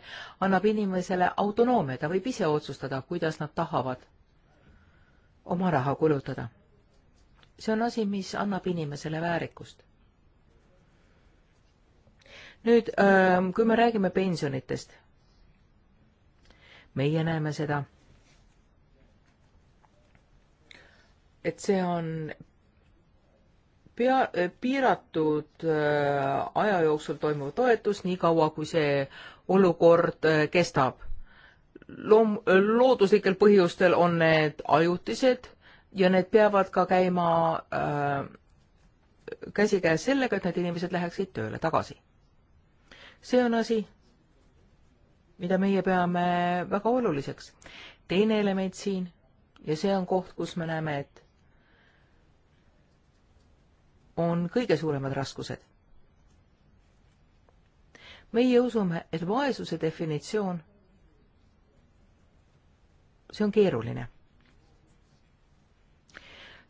annab inimesele autonoomia, ta võib ise otsustada, kuidas nad tahavad oma raha kulutada. see on asi, mis annab inimesele väärikust. nüüd, kui me räägime pensionitest, meie näeme seda et see on pea, piiratud äh, aja jooksul toimuv toetus, niikaua kui see olukord äh, kestab. Loom-, looduslikel põhjustel on need ajutised ja need peavad ka käima äh, käsikäes sellega, et need inimesed läheksid tööle tagasi. see on asi, mida meie peame väga oluliseks. teine element siin ja see on koht, kus me näeme, et on kõige suuremad raskused. meie usume, et vaesuse definitsioon, see on keeruline.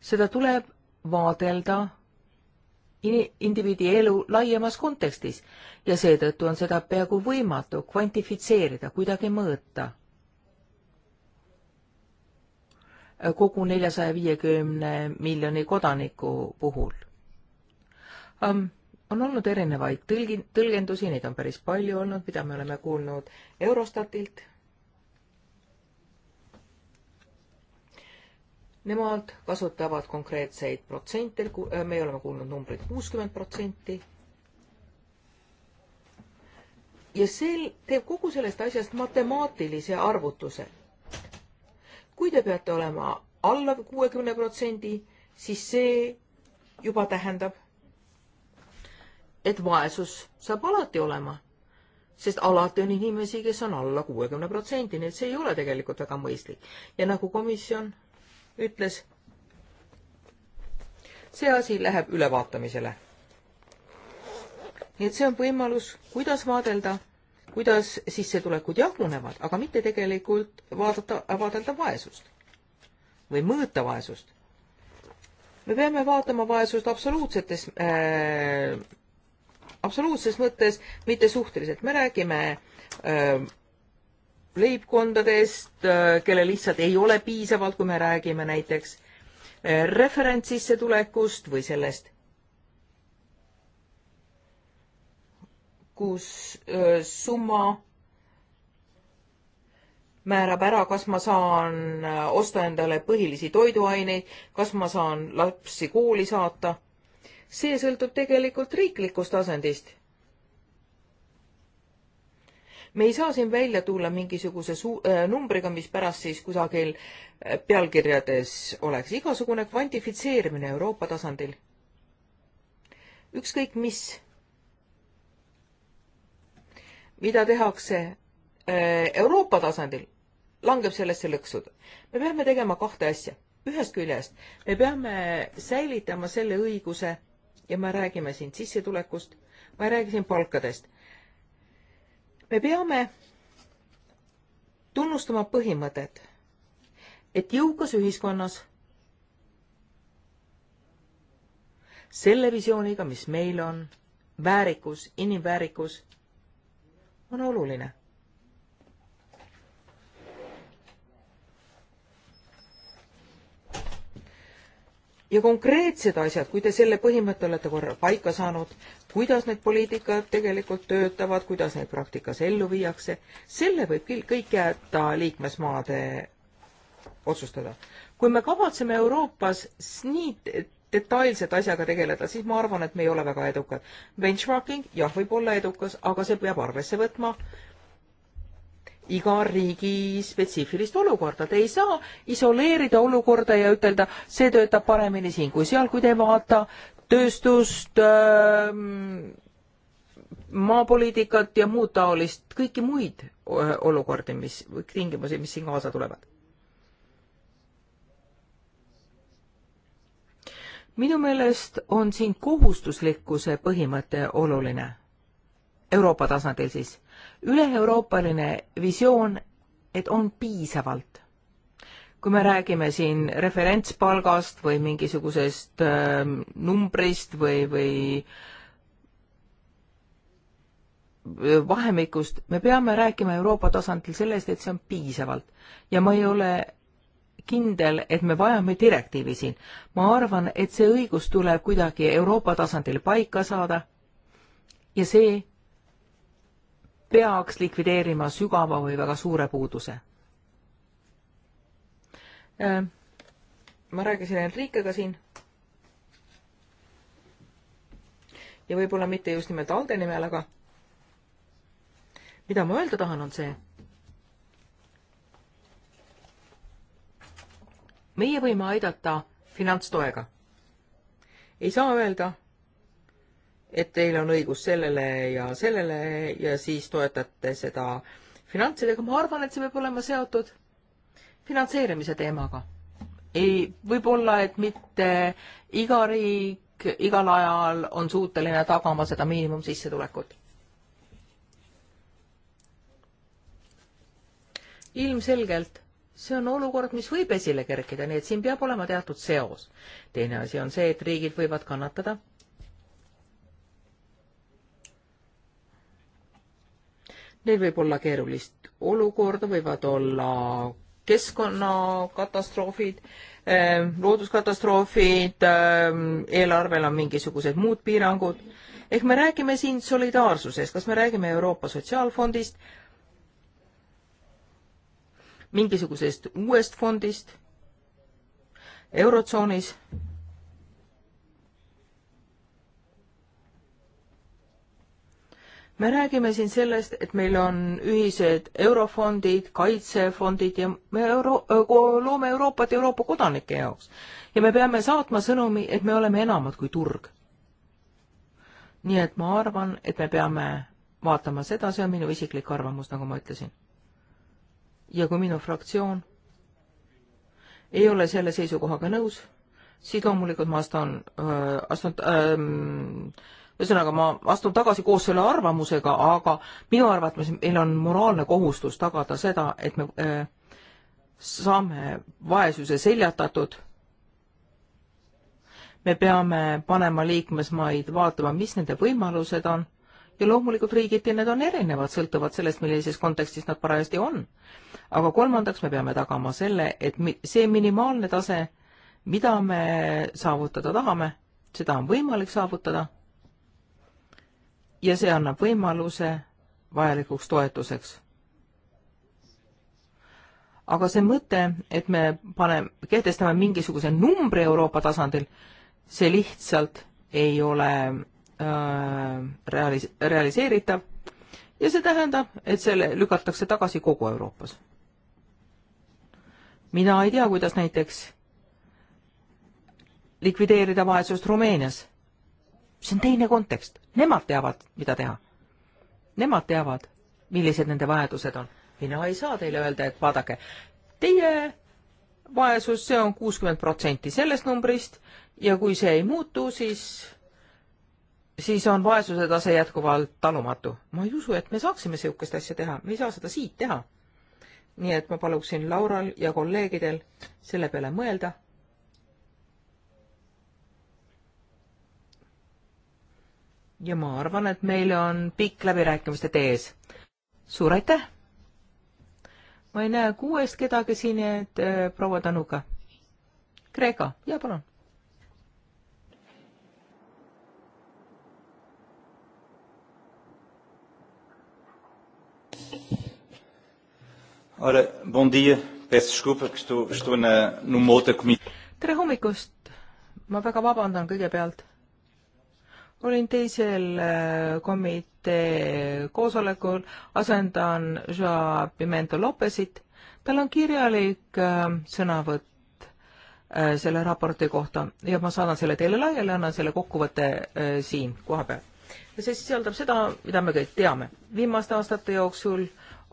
seda tuleb vaadelda indiviidi elu laiemas kontekstis ja seetõttu on seda peaaegu võimatu kvantifitseerida, kuidagi mõõta. kogu neljasaja viiekümne miljoni kodaniku puhul um, on olnud erinevaid tõlgi-, tõlgendusi, neid on päris palju olnud, mida me oleme kuulnud Eurostatilt. Nemad kasutavad konkreetseid protsente, äh, me oleme kuulnud numbrit kuuskümmend protsenti. ja see teeb kogu sellest asjast matemaatilise arvutuse. kui te peate olema alla kuuekümne protsendi, siis see juba tähendab, et vaesus saab alati olema, sest alati on inimesi, kes on alla kuuekümne protsendi, nii et see ei ole tegelikult väga mõistlik. ja nagu komisjon ütles, see asi läheb ülevaatamisele. nii et see on võimalus, kuidas vaadelda, kuidas sissetulekud jagunevad, aga mitte tegelikult vaadata, vaadelda vaesust või mõõta vaesust me peame vaatama vaesust absoluutsetes äh, absoluutses mõttes, mitte suhteliselt. me räägime öö, äh, leibkondadest, äh, kellel lihtsalt ei ole piisavalt, kui me räägime näiteks äh, referentssissetulekust või sellest, kus öö, summa määrab ära, kas ma saan osta endale põhilisi toiduaineid, kas ma saan lapsi kooli saata see sõltub tegelikult riiklikust tasandist. me ei saa siin välja tulla mingisuguse suu-, äh, numbriga, mis pärast siis kusagil äh, pealkirjades oleks. igasugune kvantifitseerimine Euroopa tasandil, ükskõik mis, mida tehakse äh, Euroopa tasandil, langeb sellesse lõksu. me peame tegema kahte asja. ühest küljest me peame säilitama selle õiguse ja me räägime siin sissetulekust, ma rääkisin palkadest. me peame tunnustama põhimõtet, et jõukas ühiskonnas selle visiooniga, mis meil on, väärikus, inimväärikus on oluline ja konkreetsed asjad, kui te selle põhimõtte olete korra paika saanud, kuidas need poliitikad tegelikult töötavad, kuidas neid praktikas ellu viiakse, selle võib kõik jätta liikmesmaade otsustada. kui me kavatseme Euroopas nii detailselt asjaga tegeleda, siis ma arvan, et me ei ole väga edukad. Benchmarking, jah, võib olla edukas, aga see peab arvesse võtma iga riigi spetsiifilist olukorda, te ei saa isoleerida olukorda ja ütelda, see töötab paremini siin kui seal, kui te ei vaata tööstust, ähm, maapoliitikat ja muud taolist, kõiki muid olukordi, mis, tingimusi, mis siin kaasa tulevad. minu meelest on siin kohustuslikkuse põhimõte oluline, Euroopa tasandil siis üle-euroopaline visioon, et on piisavalt. kui me räägime siin referentspalgast või mingisugusest äh, numbrist või, või äh, vahemikust, me peame rääkima Euroopa tasandil sellest, et see on piisavalt. ja ma ei ole kindel, et me vajame direktiivi siin. ma arvan, et see õigus tuleb kuidagi Euroopa tasandil paika saada ja see peaks likvideerima sügava või väga suure puuduse. Äh, ma rääkisin Enrikega siin. ja võib-olla mitte just nimelt Alde nimel, aga mida ma öelda tahan, on see. meie võime aidata finantstoega. ei saa öelda et teil on õigus sellele ja sellele ja siis toetate seda finantsidega, ma arvan, et see peab olema seotud finantseerimise teemaga. ei, võib-olla, et mitte iga riik igal ajal on suuteline tagama seda miinimumsissetulekut. ilmselgelt see on olukord, mis võib esile kerkida, nii et siin peab olema teatud seos. teine asi on see, et riigid võivad kannatada Neil võib olla keerulist olukorda, võivad olla keskkonnakatastroofid, ehm, looduskatastroofid, ehm, eelarvel on mingisugused muud piirangud. ehk me räägime siin solidaarsusest, kas me räägime Euroopa Sotsiaalfondist, mingisugusest uuest fondist, Eurotsoonis me räägime siin sellest, et meil on ühised eurofondid, kaitsefondid ja me euro, loome Euroopat Euroopa kodanike jaoks. ja me peame saatma sõnumi, et me oleme enamad kui turg. nii et ma arvan, et me peame vaatama seda, see on minu isiklik arvamus, nagu ma ütlesin. ja kui minu fraktsioon ei ole selle seisukohaga nõus, siis loomulikult ma astun, astun ähm, ühesõnaga, ma astun tagasi koos selle arvamusega, aga minu arvates meil on moraalne kohustus tagada seda, et me äh, saame vaesuse seljatatud. me peame panema liikmesmaid vaatama, mis nende võimalused on ja loomulikult riigiti need on erinevad, sõltuvad sellest, millises kontekstis nad parajasti on. aga kolmandaks me peame tagama selle, et mi see minimaalne tase, mida me saavutada tahame, seda on võimalik saavutada ja see annab võimaluse vajalikuks toetuseks. aga see mõte, et me paneme, kehtestame mingisuguse numbri Euroopa tasandil, see lihtsalt ei ole äh, realis-, realiseeritav ja see tähendab, et selle lükatakse tagasi kogu Euroopas. mina ei tea, kuidas näiteks likvideerida vaesust Rumeenias see on teine kontekst, nemad teavad, mida teha. Nemad teavad, millised nende vajadused on. mina ei saa teile öelda, et vaadake, teie vaesus, see on kuuskümmend protsenti sellest numbrist ja kui see ei muutu, siis, siis on vaesuse tase jätkuvalt talumatu. ma ei usu, et me saaksime niisugust asja teha, me ei saa seda siit teha nii et ma paluksin Laural ja kolleegidel selle peale mõelda ja ma arvan, et meil on pikk läbirääkimiste tee ees. suur aitäh! ma ei näe kuuest kedagi siin, et äh, proua Tanuga. Kreeka, jaa, palun. Ora, bom dia. Peço desculpa que estou, estou na, numa outra comida. tere hommikust, ma väga vabandan kõigepealt olin teisel äh, komitee koosolekul, asendan Joa Pimento Lopesit. tal on kirjalik äh, sõnavõtt äh, selle raporti kohta ja ma saadan selle teile laiali, annan selle kokkuvõtte siin kohapeal. ja see sisaldab seda, mida me kõik teame. viimaste aastate jooksul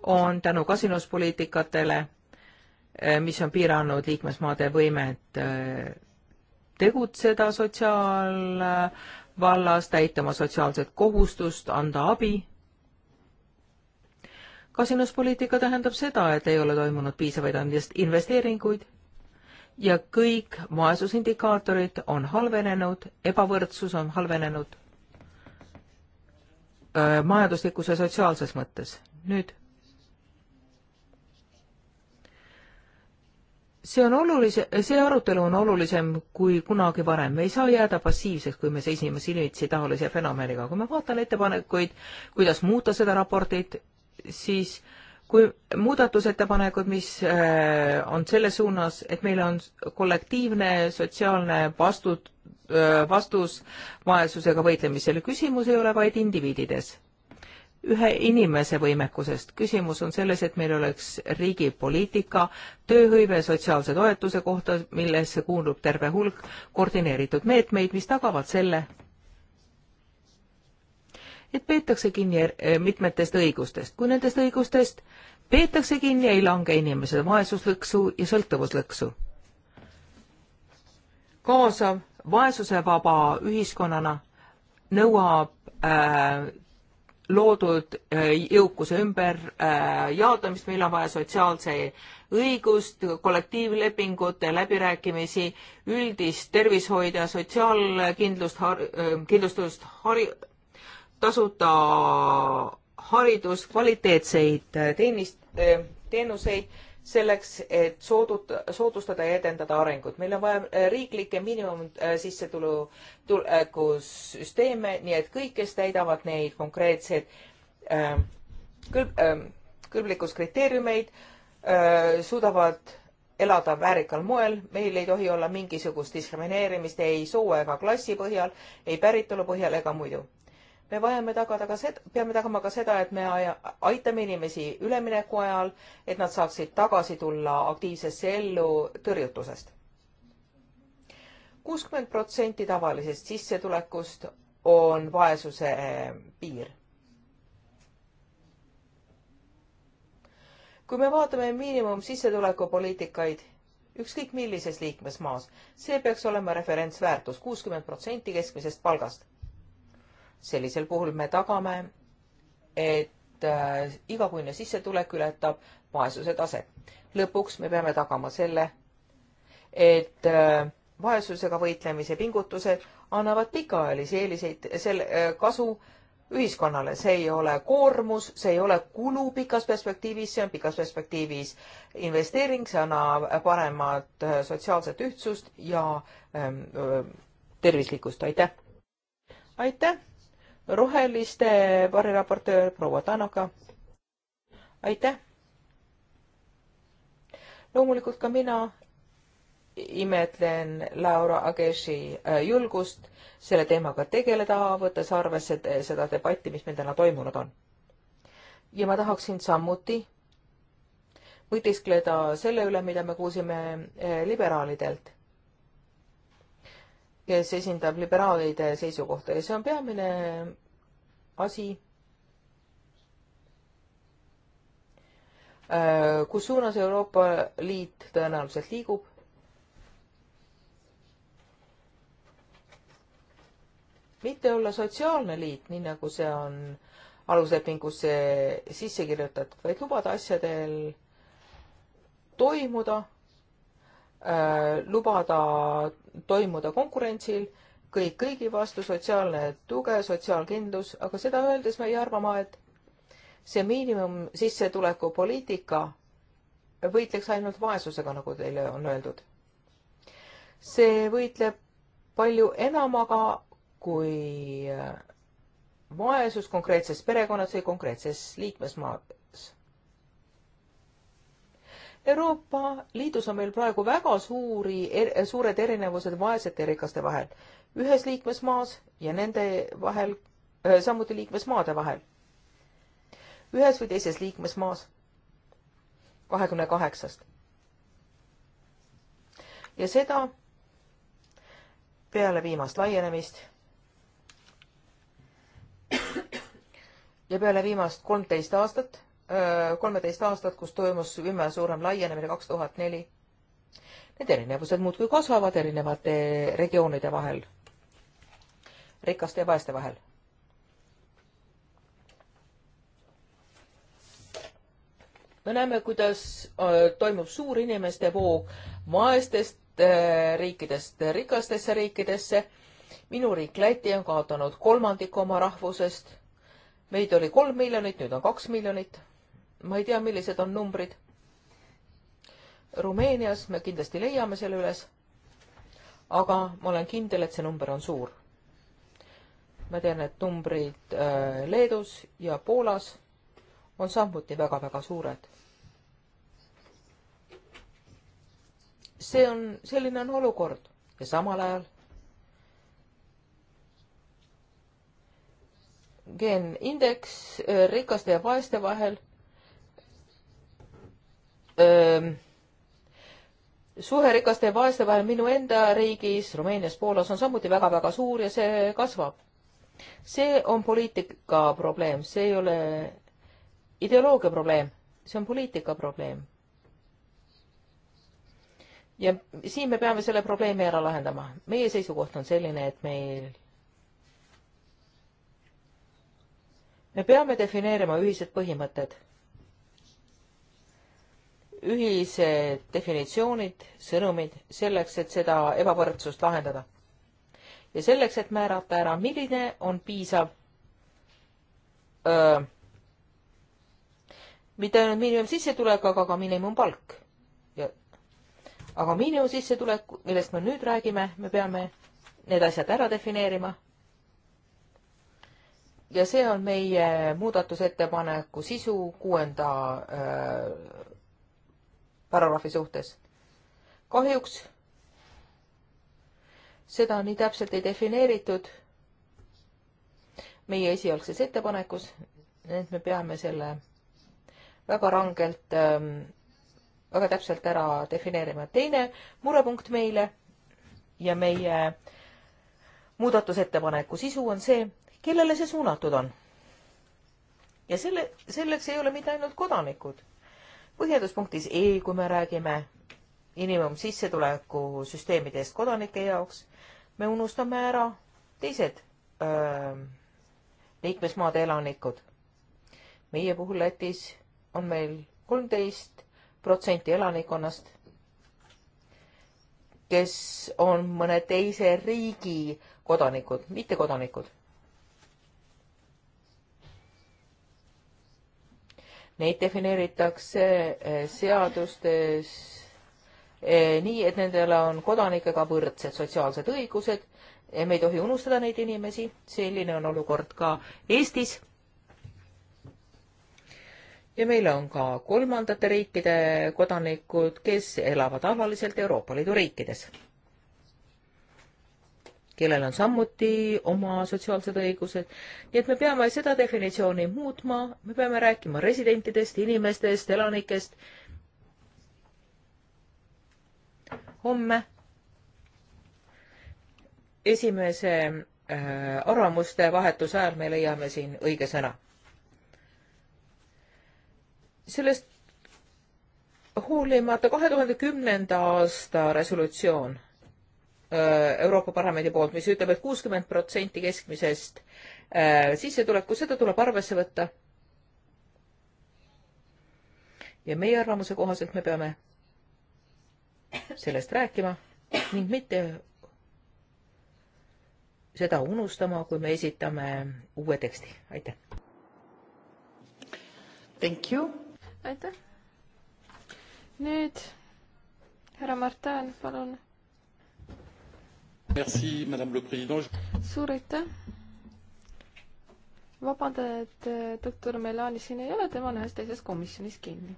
on tänu kasinuspoliitikatele, mis on piiranud liikmesmaade võimet tegutseda sotsiaal äh, vallas, täita oma sotsiaalset kohustust, anda abi. kasinuspoliitika tähendab seda, et ei ole toimunud piisavaid investeeringuid ja kõik vaesusindikaatorid on halvenenud, ebavõrdsus on halvenenud äh, majanduslikus ja sotsiaalses mõttes. nüüd see on olulise, see arutelu on olulisem kui kunagi varem, me ei saa jääda passiivseks, kui me seisime silmitsi taolise fenomeniga, kui ma vaatan ettepanekuid, kuidas muuta seda raportit, siis kui muudatusettepanekud, mis äh, on selles suunas, et meil on kollektiivne sotsiaalne vastu, äh, vastus vaesusega võitlemisele, küsimus ei ole vaid indiviidides ühe inimese võimekusest. küsimus on selles, et meil oleks riigi poliitika, tööhõive, sotsiaalse toetuse kohta, millesse kuulub terve hulk koordineeritud meetmeid, mis tagavad selle, et peetakse kinni eh, mitmetest õigustest. kui nendest õigustest peetakse kinni, ei lange inimesed vaesuslõksu ja sõltuvuslõksu. kaasav vaesusevaba ühiskonnana nõuab äh, loodud äh, jõukuse ümberjaotamist, äh, meil on vaja sotsiaalse õigust, kollektiivlepingute läbirääkimisi, üldist tervishoidu ja sotsiaalkindlust, äh, kindlustust, hari-, tasuta haridust, kvaliteetseid teenist-, teenuseid selleks, et soodut-, soodustada ja edendada arengut. meil on vaja äh, riiklikke miinimumsissetulu tulekusüsteeme, äh, nii et kõik, kes täidavad neid konkreetseid äh, kõlb- äh,, kõlblikkuskriteeriumeid äh,, suudavad elada väärikal moel, meil ei tohi olla mingisugust diskrimineerimist ei soo ega klassi põhjal, ei päritolu põhjal ega muidu me vajame tagada ka seda, peame tagama ka seda, et me aitame inimesi ülemineku ajal, et nad saaksid tagasi tulla aktiivsesse ellu tõrjutusest. kuuskümmend protsenti tavalisest sissetulekust on vaesuse piir. kui me vaatame miinimumsissetulekupoliitikaid, ükskõik millises liikmesmaas, see peaks olema referentsväärtus kuuskümmend protsenti keskmisest palgast sellisel puhul me tagame, et äh, igakuine sissetulek ületab vaesuse taset. lõpuks me peame tagama selle, et äh, vaesusega võitlemise pingutused annavad pikaajalisi eeliseid, selle äh, kasu ühiskonnale, see ei ole koormus, see ei ole kulu pikas perspektiivis, see on pikas perspektiivis investeering, see annab paremat sotsiaalset ühtsust ja ähm, tervislikkust, aitäh! aitäh! roheliste variraportöör proua Tanaka. aitäh! loomulikult ka mina imetlen Laura Ageshi äh, julgust selle teemaga tegeleda, võttes arvesse seda debatti, mis meil täna toimunud on. ja ma tahaksin samuti mõtiskleda selle üle, mida me kuulsime äh, liberaalidelt kes esindab liberaalide seisukohta ja see on peamine asi, äh, kus suunas Euroopa Liit tõenäoliselt liigub. mitte olla sotsiaalne liit, nii nagu see on aluslepingusse sisse kirjutatud, vaid lubada asjadel toimuda Äh, lubada toimuda konkurentsil, kõik kõigi vastu, sotsiaalne tuge, sotsiaalkindlus, aga seda öeldes me ei arva ma, et see miinimumsissetuleku poliitika võitleks ainult vaesusega, nagu teile on öeldud. see võitleb palju enamaga kui äh, vaesus konkreetses perekonnas või konkreetses liikmesmaa, Euroopa Liidus on meil praegu väga suuri er,, suured erinevused vaesete ja rikaste vahel, ühes liikmesmaas ja nende vahel, äh, samuti liikmesmaade vahel, ühes või teises liikmesmaas kahekümne kaheksast. ja seda peale viimast laienemist ja peale viimast kolmteist aastat kolmeteist aastat, kus toimus kümme suurem laienemine, kaks tuhat neli. Need erinevused muudkui kasvavad erinevate regioonide vahel, rikaste ja vaeste vahel. me näeme, kuidas äh, toimub suur inimeste voog vaestest äh, riikidest rikastesse riikidesse. minu riik Läti on kaotanud kolmandiku oma rahvusest meid oli kolm miljonit, nüüd on kaks miljonit ma ei tea, millised on numbrid. Rumeenias me kindlasti leiame selle üles, aga ma olen kindel, et see number on suur. ma tean, et numbrid äh, Leedus ja Poolas on samuti väga-väga suured. see on, selline on olukord ja samal ajal geenindeks äh, rikaste ja vaeste vahel suhe rikaste ja vaeste vahel minu enda riigis, Rumeenias, Poolas on samuti väga-väga suur ja see kasvab. see on poliitika probleem, see ei ole ideoloogia probleem, see on poliitika probleem. ja siin me peame selle probleemi ära lahendama. meie seisukoht on selline, et meil me peame defineerima ühised põhimõtted ühised definitsioonid, sõnumid selleks, et seda ebavõrdsust lahendada. ja selleks, et määrata ära, milline on piisav öö, mitte ainult miinimumsissetulek, aga ka miinimumpalk. ja aga miinimumsissetulek, millest me nüüd räägime, me peame need asjad ära defineerima. ja see on meie muudatusettepaneku sisu kuuenda öö, paragrahvi suhtes. kahjuks seda nii täpselt ei defineeritud meie esialgses ettepanekus, et me peame selle väga rangelt ähm, väga täpselt ära defineerima. teine murepunkt meile ja meie muudatusettepaneku sisu on see, kellele see suunatud on. ja selle, selleks ei ole mitte ainult kodanikud, põhjenduspunktis E, kui me räägime inimsissetuleku süsteemidest kodanike jaoks, me unustame ära teised öö, ähm, liikmesmaade elanikud. meie puhul Lätis on meil kolmteist protsenti elanikkonnast, kes on mõne teise riigi kodanikud, mittekodanikud Neid defineeritakse eh, seadustes eh, nii, et nendele on kodanikega võrdsed sotsiaalsed õigused. me ei tohi unustada neid inimesi, selline on olukord ka Eestis. ja meil on ka kolmandate riikide kodanikud, kes elavad alaliselt Euroopa Liidu riikides kellel on samuti oma sotsiaalsed õigused. nii et me peame seda definitsiooni muutma, me peame rääkima residentidest, inimestest, elanikest. homme esimese äh, arvamuste vahetuse ajal me leiame siin õige sõna. sellest hoolimata kahe tuhande kümnenda aasta resolutsioon Äh, Euroopa Parlamendi poolt, mis ütleb et, et kuuskümmend protsenti keskmisest äh, sissetulekust, seda tuleb arvesse võtta. ja meie arvamuse kohaselt me peame sellest rääkima ning mitte seda unustama, kui me esitame uue teksti. aitäh! Thank you! aitäh! nüüd härra Martin, palun suur aitäh! vabandan, et äh, doktor Melani siin ei ole, tema on ühes teises komisjonis kinni.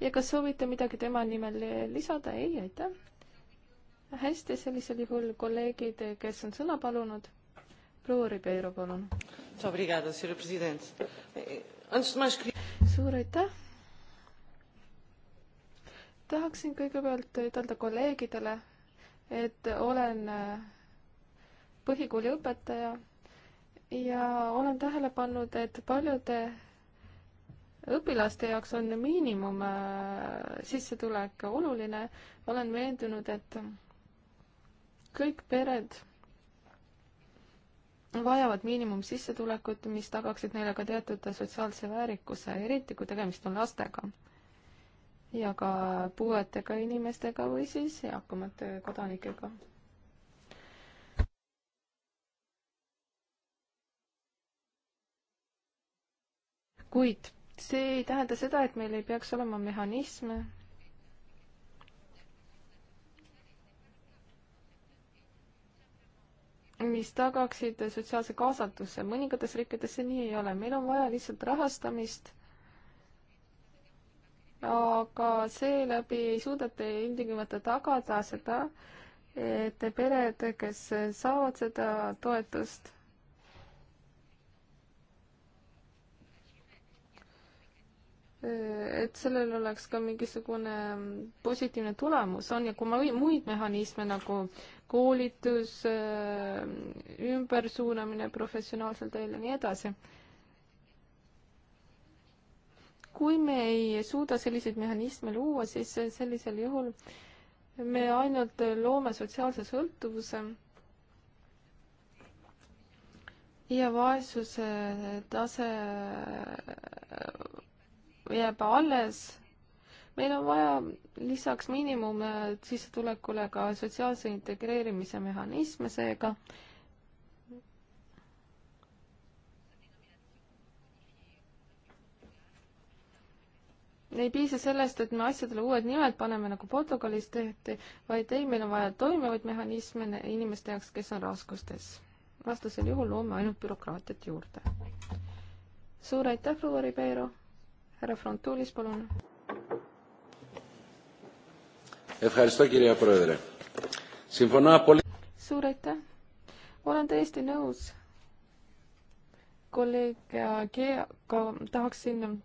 ja kas soovite midagi tema nimel äh, lisada? ei, aitäh. hästi, sellisel juhul kolleegid, äh, kes on sõna palunud. proua Ribeiro, palun. Eh, suur aitäh tahaksin kõigepealt ütelda kolleegidele, et olen äh, põhikooli õpetaja ja olen tähele pannud, et paljude õpilaste jaoks on miinimum äh, sissetulek oluline. olen veendunud, et kõik pered vajavad miinimumsissetulekut, mis tagaksid neile ka teatud sotsiaalse väärikuse, eriti kui tegemist on lastega ja ka puuetega inimestega või siis eakamate kodanikega. kuid see ei tähenda seda, et meil ei peaks olema mehhanisme, mis tagaksid sotsiaalse kaasatuse. mõningates riikides see nii ei ole, meil on vaja lihtsalt rahastamist aga seeläbi ei suudeta ilmtingimata tagada seda, et pered, kes saavad seda toetust, et sellel oleks ka mingisugune positiivne tulemus, on ja kui ma muid mehhanisme nagu koolitus, ümbersuunamine professionaalsel teel ja nii edasi kui me ei suuda selliseid mehhanisme luua, siis sellisel juhul me ainult loome sotsiaalse sõltuvuse ja vaesuse tase jääb alles. meil on vaja lisaks miinimumsissetulekule ka sotsiaalse integreerimise mehhanisme seega ei piisa sellest, et me asjadele uued nimed paneme, nagu Portugalis tehti, vaid ei, meil on vaja toimivaid mehhanisme inimeste jaoks, kes on raskustes. vastasel juhul loome ainult bürokraatiat juurde. suur aitäh, proua Ribeiro. härra Frontulis, palun. suur aitäh. olen täiesti nõus kolleeg Geaga tahaksin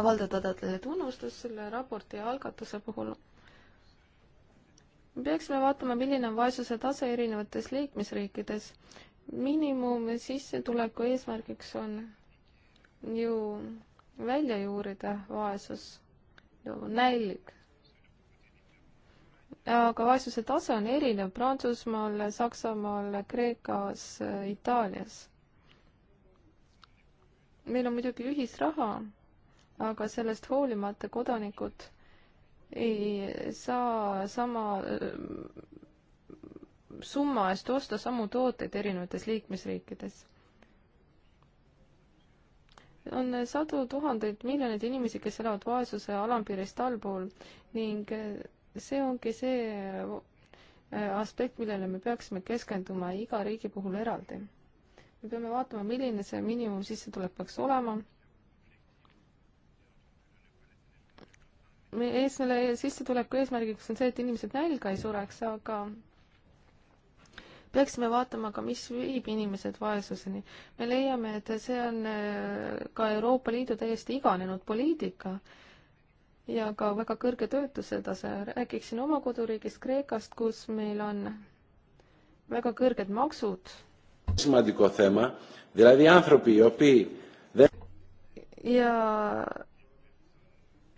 avaldada talle tunnustust selle raporti algatuse puhul. me peaksime vaatama, milline on vaesuse tase erinevates liikmesriikides. miinimumsissetuleku eesmärgiks on ju välja juurida vaesus, nälg. aga vaesuse tase on erinev Prantsusmaal, Saksamaal, Kreekas, Itaalias. meil on muidugi ühisraha aga sellest hoolimata kodanikud ei saa sama summa eest osta samu tooteid erinevates liikmesriikides. on sadu tuhandeid, miljoneid inimesi, kes elavad vaesuse alampiirist allpool ning see ongi see aspekt, millele me peaksime keskenduma iga riigi puhul eraldi. me peame vaatama, milline see miinimumsissetulek peaks olema meie eesmärgi, sissetuleku eesmärgiks on see, et inimesed nälga ei sureks, aga peaksime vaatama ka, mis viib inimesed vaesuseni. me leiame, et see on äh, ka Euroopa Liidu täiesti iganenud poliitika ja ka väga kõrge töötuse tase. räägiksin oma koduriigist Kreekast, kus meil on väga kõrged maksud. ja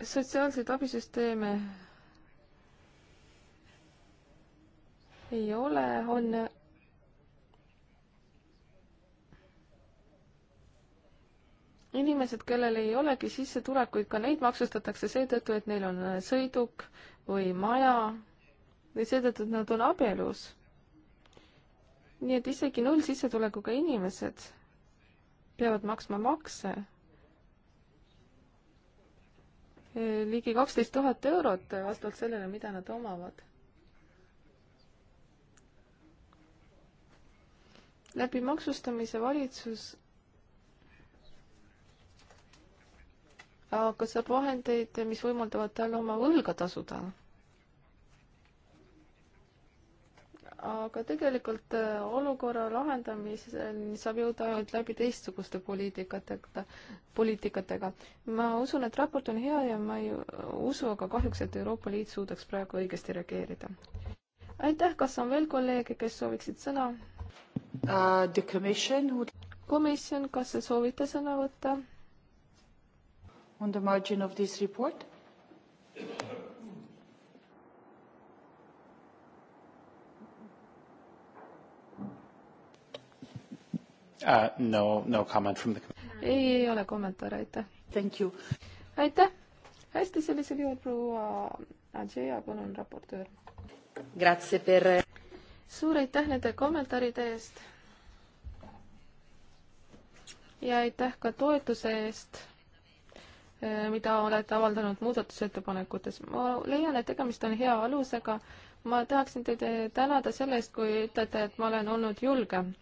sotsiaalseid abisüsteeme ei ole, on inimesed, kellel ei olegi sissetulekuid, ka neid maksustatakse seetõttu, et neil on sõiduk või maja või seetõttu, et nad on abielus. nii et isegi nullsissetulekuga inimesed peavad maksma makse ligi kaksteist tuhat eurot vastavalt sellele, mida nad omavad. läbi maksustamise valitsus aga saab vahendeid, mis võimaldavad tal oma võlga tasuda aga tegelikult äh, olukorra lahendamiseni saab jõuda ainult läbi teistsuguste poliitikatega, poliitikatega. ma usun, et raport on hea ja ma ei usu aga kahjuks, et Euroopa Liit suudaks praegu õigesti reageerida. aitäh, kas on veel kolleege, kes sooviksid sõna uh,? komisjon, kas te soovite sõna võtta? On the margin of this report? uh,? No, no comment from the ei, ei ole kommentaare, aitäh. Thank you. aitäh. hästi, sellisel juhul proua Adžeja, palun, raportöör. Grazie per. suur aitäh nende kommentaaride eest. ja aitäh ka toetuse eest eh, mida olete avaldanud muudatusettepanekutes. ma leian, et tegemist on hea alusega. ma tahaksin teid tänada selle eest, kui ütlete, et ma olen olnud julgem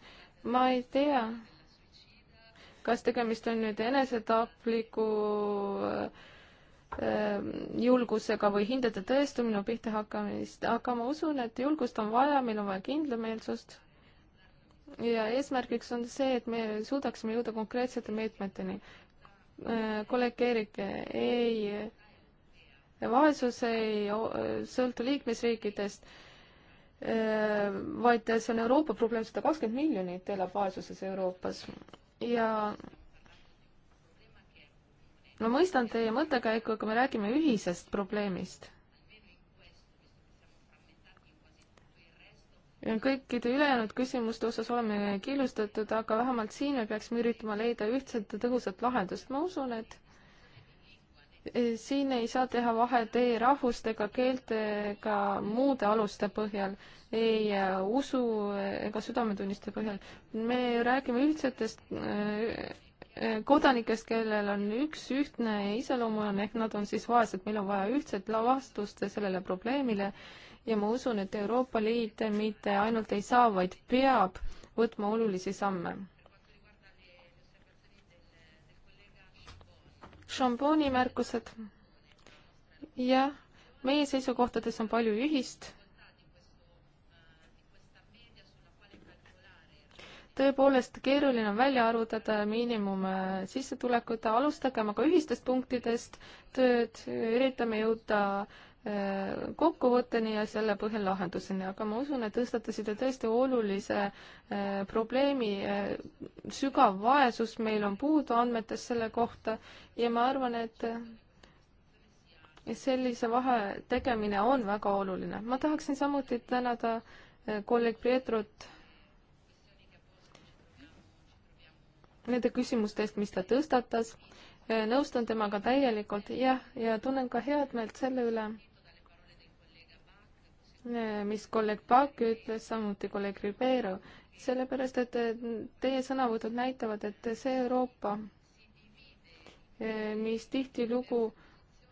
ma ei tea, kas tegemist on nüüd enesetapliku äh, äh, julgusega või hindade tõestumine pihta hakkamist, aga ma usun, et julgust on vaja, meil on vaja kindlameelsust. ja eesmärgiks on see, et me suudaksime jõuda konkreetsete meetmeteni. Äh, kolleeg Eerik, ei, vaesus ei sõltu liikmesriikidest Ehm, vaid see on Euroopa probleem, sada kakskümmend miljonit elab vaesuses Euroopas ja ma mõistan teie mõttekäiku, aga me räägime ühisest probleemist. kõikide ülejäänud küsimuste osas oleme killustatud, aga vähemalt siin me peaksime üritama leida ühtset ja tõhusat lahendust. ma usun, et siin ei saa teha vahet ei rahvustega, keeltega, muude aluste põhjal, ei äh, usu ega südametunniste põhjal. me räägime üldsetest äh, äh, kodanikest, kellel on üks ühtne iseloomujoon ehk nad on siis vaesed, meil on vaja ühtset vastust sellele probleemile ja ma usun, et Euroopa Liit mitte ainult ei saa, vaid peab võtma olulisi samme šampooni märkused. jah, meie seisukohtades on palju ühist. tõepoolest, keeruline on välja arvutada miinimum äh, sissetulekut, alustagem aga ühistest punktidest tööd, äh, üritame jõuda äh, kokkuvõtteni ja selle põhjal lahenduseni, aga ma usun, et tõstatasite tõesti olulise äh, probleemi. Äh, sügav vaesus meil on puudu andmetest selle kohta ja ma arvan, et äh, sellise vahe tegemine on väga oluline. ma tahaksin samuti tänada kolleeg Pietrot nende küsimuste eest, mis ta tõstatas nõustun temaga täielikult, jah, ja tunnen ka head meelt selle üle, Eh, mis kolleeg Paak ütles, samuti kolleeg Ribeiro, sellepärast et eh, teie sõnavõtud näitavad, et see Euroopa, eh, mis tihtilugu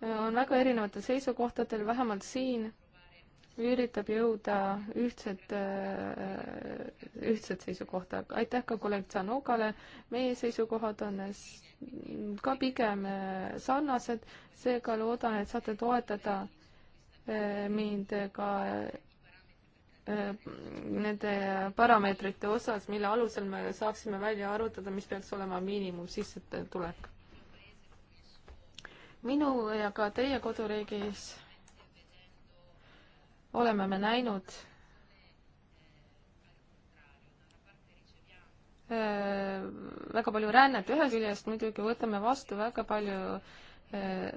on väga erinevatel seisukohtadel, vähemalt siin, üritab jõuda ühtset, ühtset seisukohta. aitäh ka kolleeg Tsanokale, meie seisukohad on ka pigem sarnased, seega loodan, et saate toetada mind ka äh, nende parameetrite osas, mille alusel me saaksime välja arvutada, mis peaks olema miinimumsissetulek. minu ja ka teie koduriigis oleme me näinud äh, väga palju rännet, ühest küljest muidugi võtame vastu väga palju äh,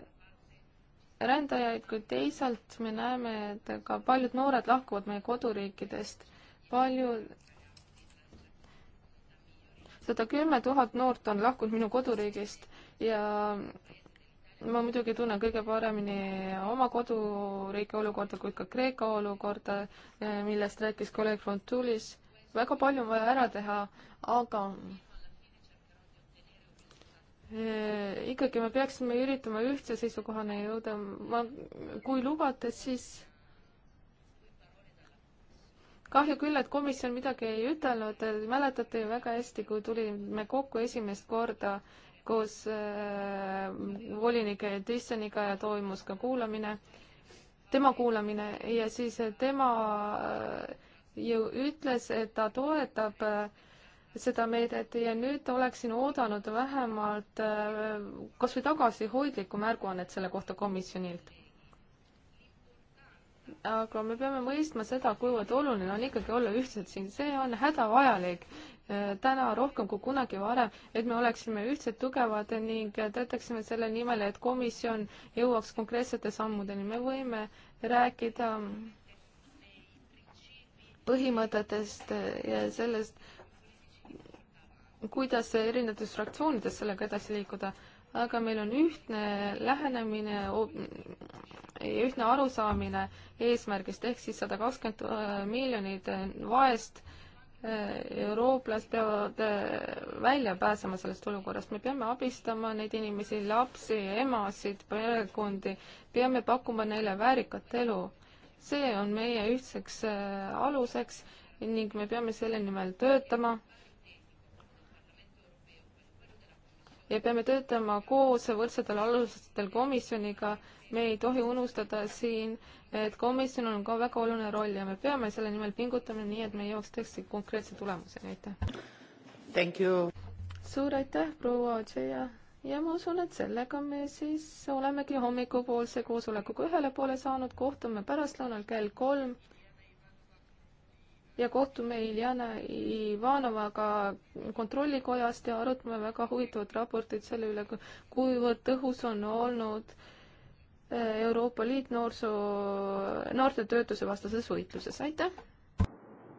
rändajaid, kuid teisalt me näeme, et ka paljud noored lahkuvad meie koduriikidest. palju, sada kümme tuhat noort on lahkunud minu koduriigist ja ma muidugi tunnen kõige paremini oma koduriigi olukorda, kuid ka Kreeka olukorda, millest rääkis kolleeg Frontulis. väga palju on vaja ära teha, aga Äh, ikkagi me peaksime üritama ühtse seisukohani jõuda. ma, kui lubate, siis kahju küll, et komisjon midagi ei ütelnud. mäletate ju väga hästi, kui tulime kokku esimest korda koos äh, volinike Thyssoniga ja toimus ka kuulamine, tema kuulamine ja siis äh, tema äh, ju ütles, et ta toetab äh, seda meedet ja nüüd oleksin oodanud vähemalt äh, kas või tagasihoidlikku märguannet selle kohta komisjonilt. aga me peame mõistma seda, kuivõrd oluline on ikkagi olla ühtsed siin, see on hädavajalik äh, täna rohkem kui kunagi varem, et me oleksime ühtsed, tugevad ning töötaksime selle nimel, et komisjon jõuaks konkreetsete sammudeni. me võime rääkida põhimõtetest ja sellest, kuidas erinevates fraktsioonides sellega edasi liikuda, aga meil on ühtne lähenemine, ühtne arusaamine eesmärgist, ehk siis sada kakskümmend äh, miljonit vaest äh, eurooplased peavad äh, välja pääsema sellest olukorrast, me peame abistama neid inimesi, lapsi, emasid, perekondi, peame pakkuma neile väärikat elu. see on meie ühtseks aluseks ning me peame selle nimel töötama ja peame töötama koos võrdsetel alustel komisjoniga. me ei tohi unustada siin, et komisjonil on ka väga oluline roll ja me peame selle nimel pingutama, nii et me jõuaks tõesti konkreetse tulemuseni, aitäh! suur aitäh, proua Otseja! ja ma usun, et sellega me siis olemegi hommikupoolse koosolekuga ühele poole saanud, kohtume pärastlõunal kell kolm ja kohtume Iljana Ivanovaga kontrollikojast ja arutame väga huvitavat raportit selle üle, kuivõrd tõhus on olnud äh, Euroopa Liit noorsoo, noorte töötuse vastases võitluses, aitäh!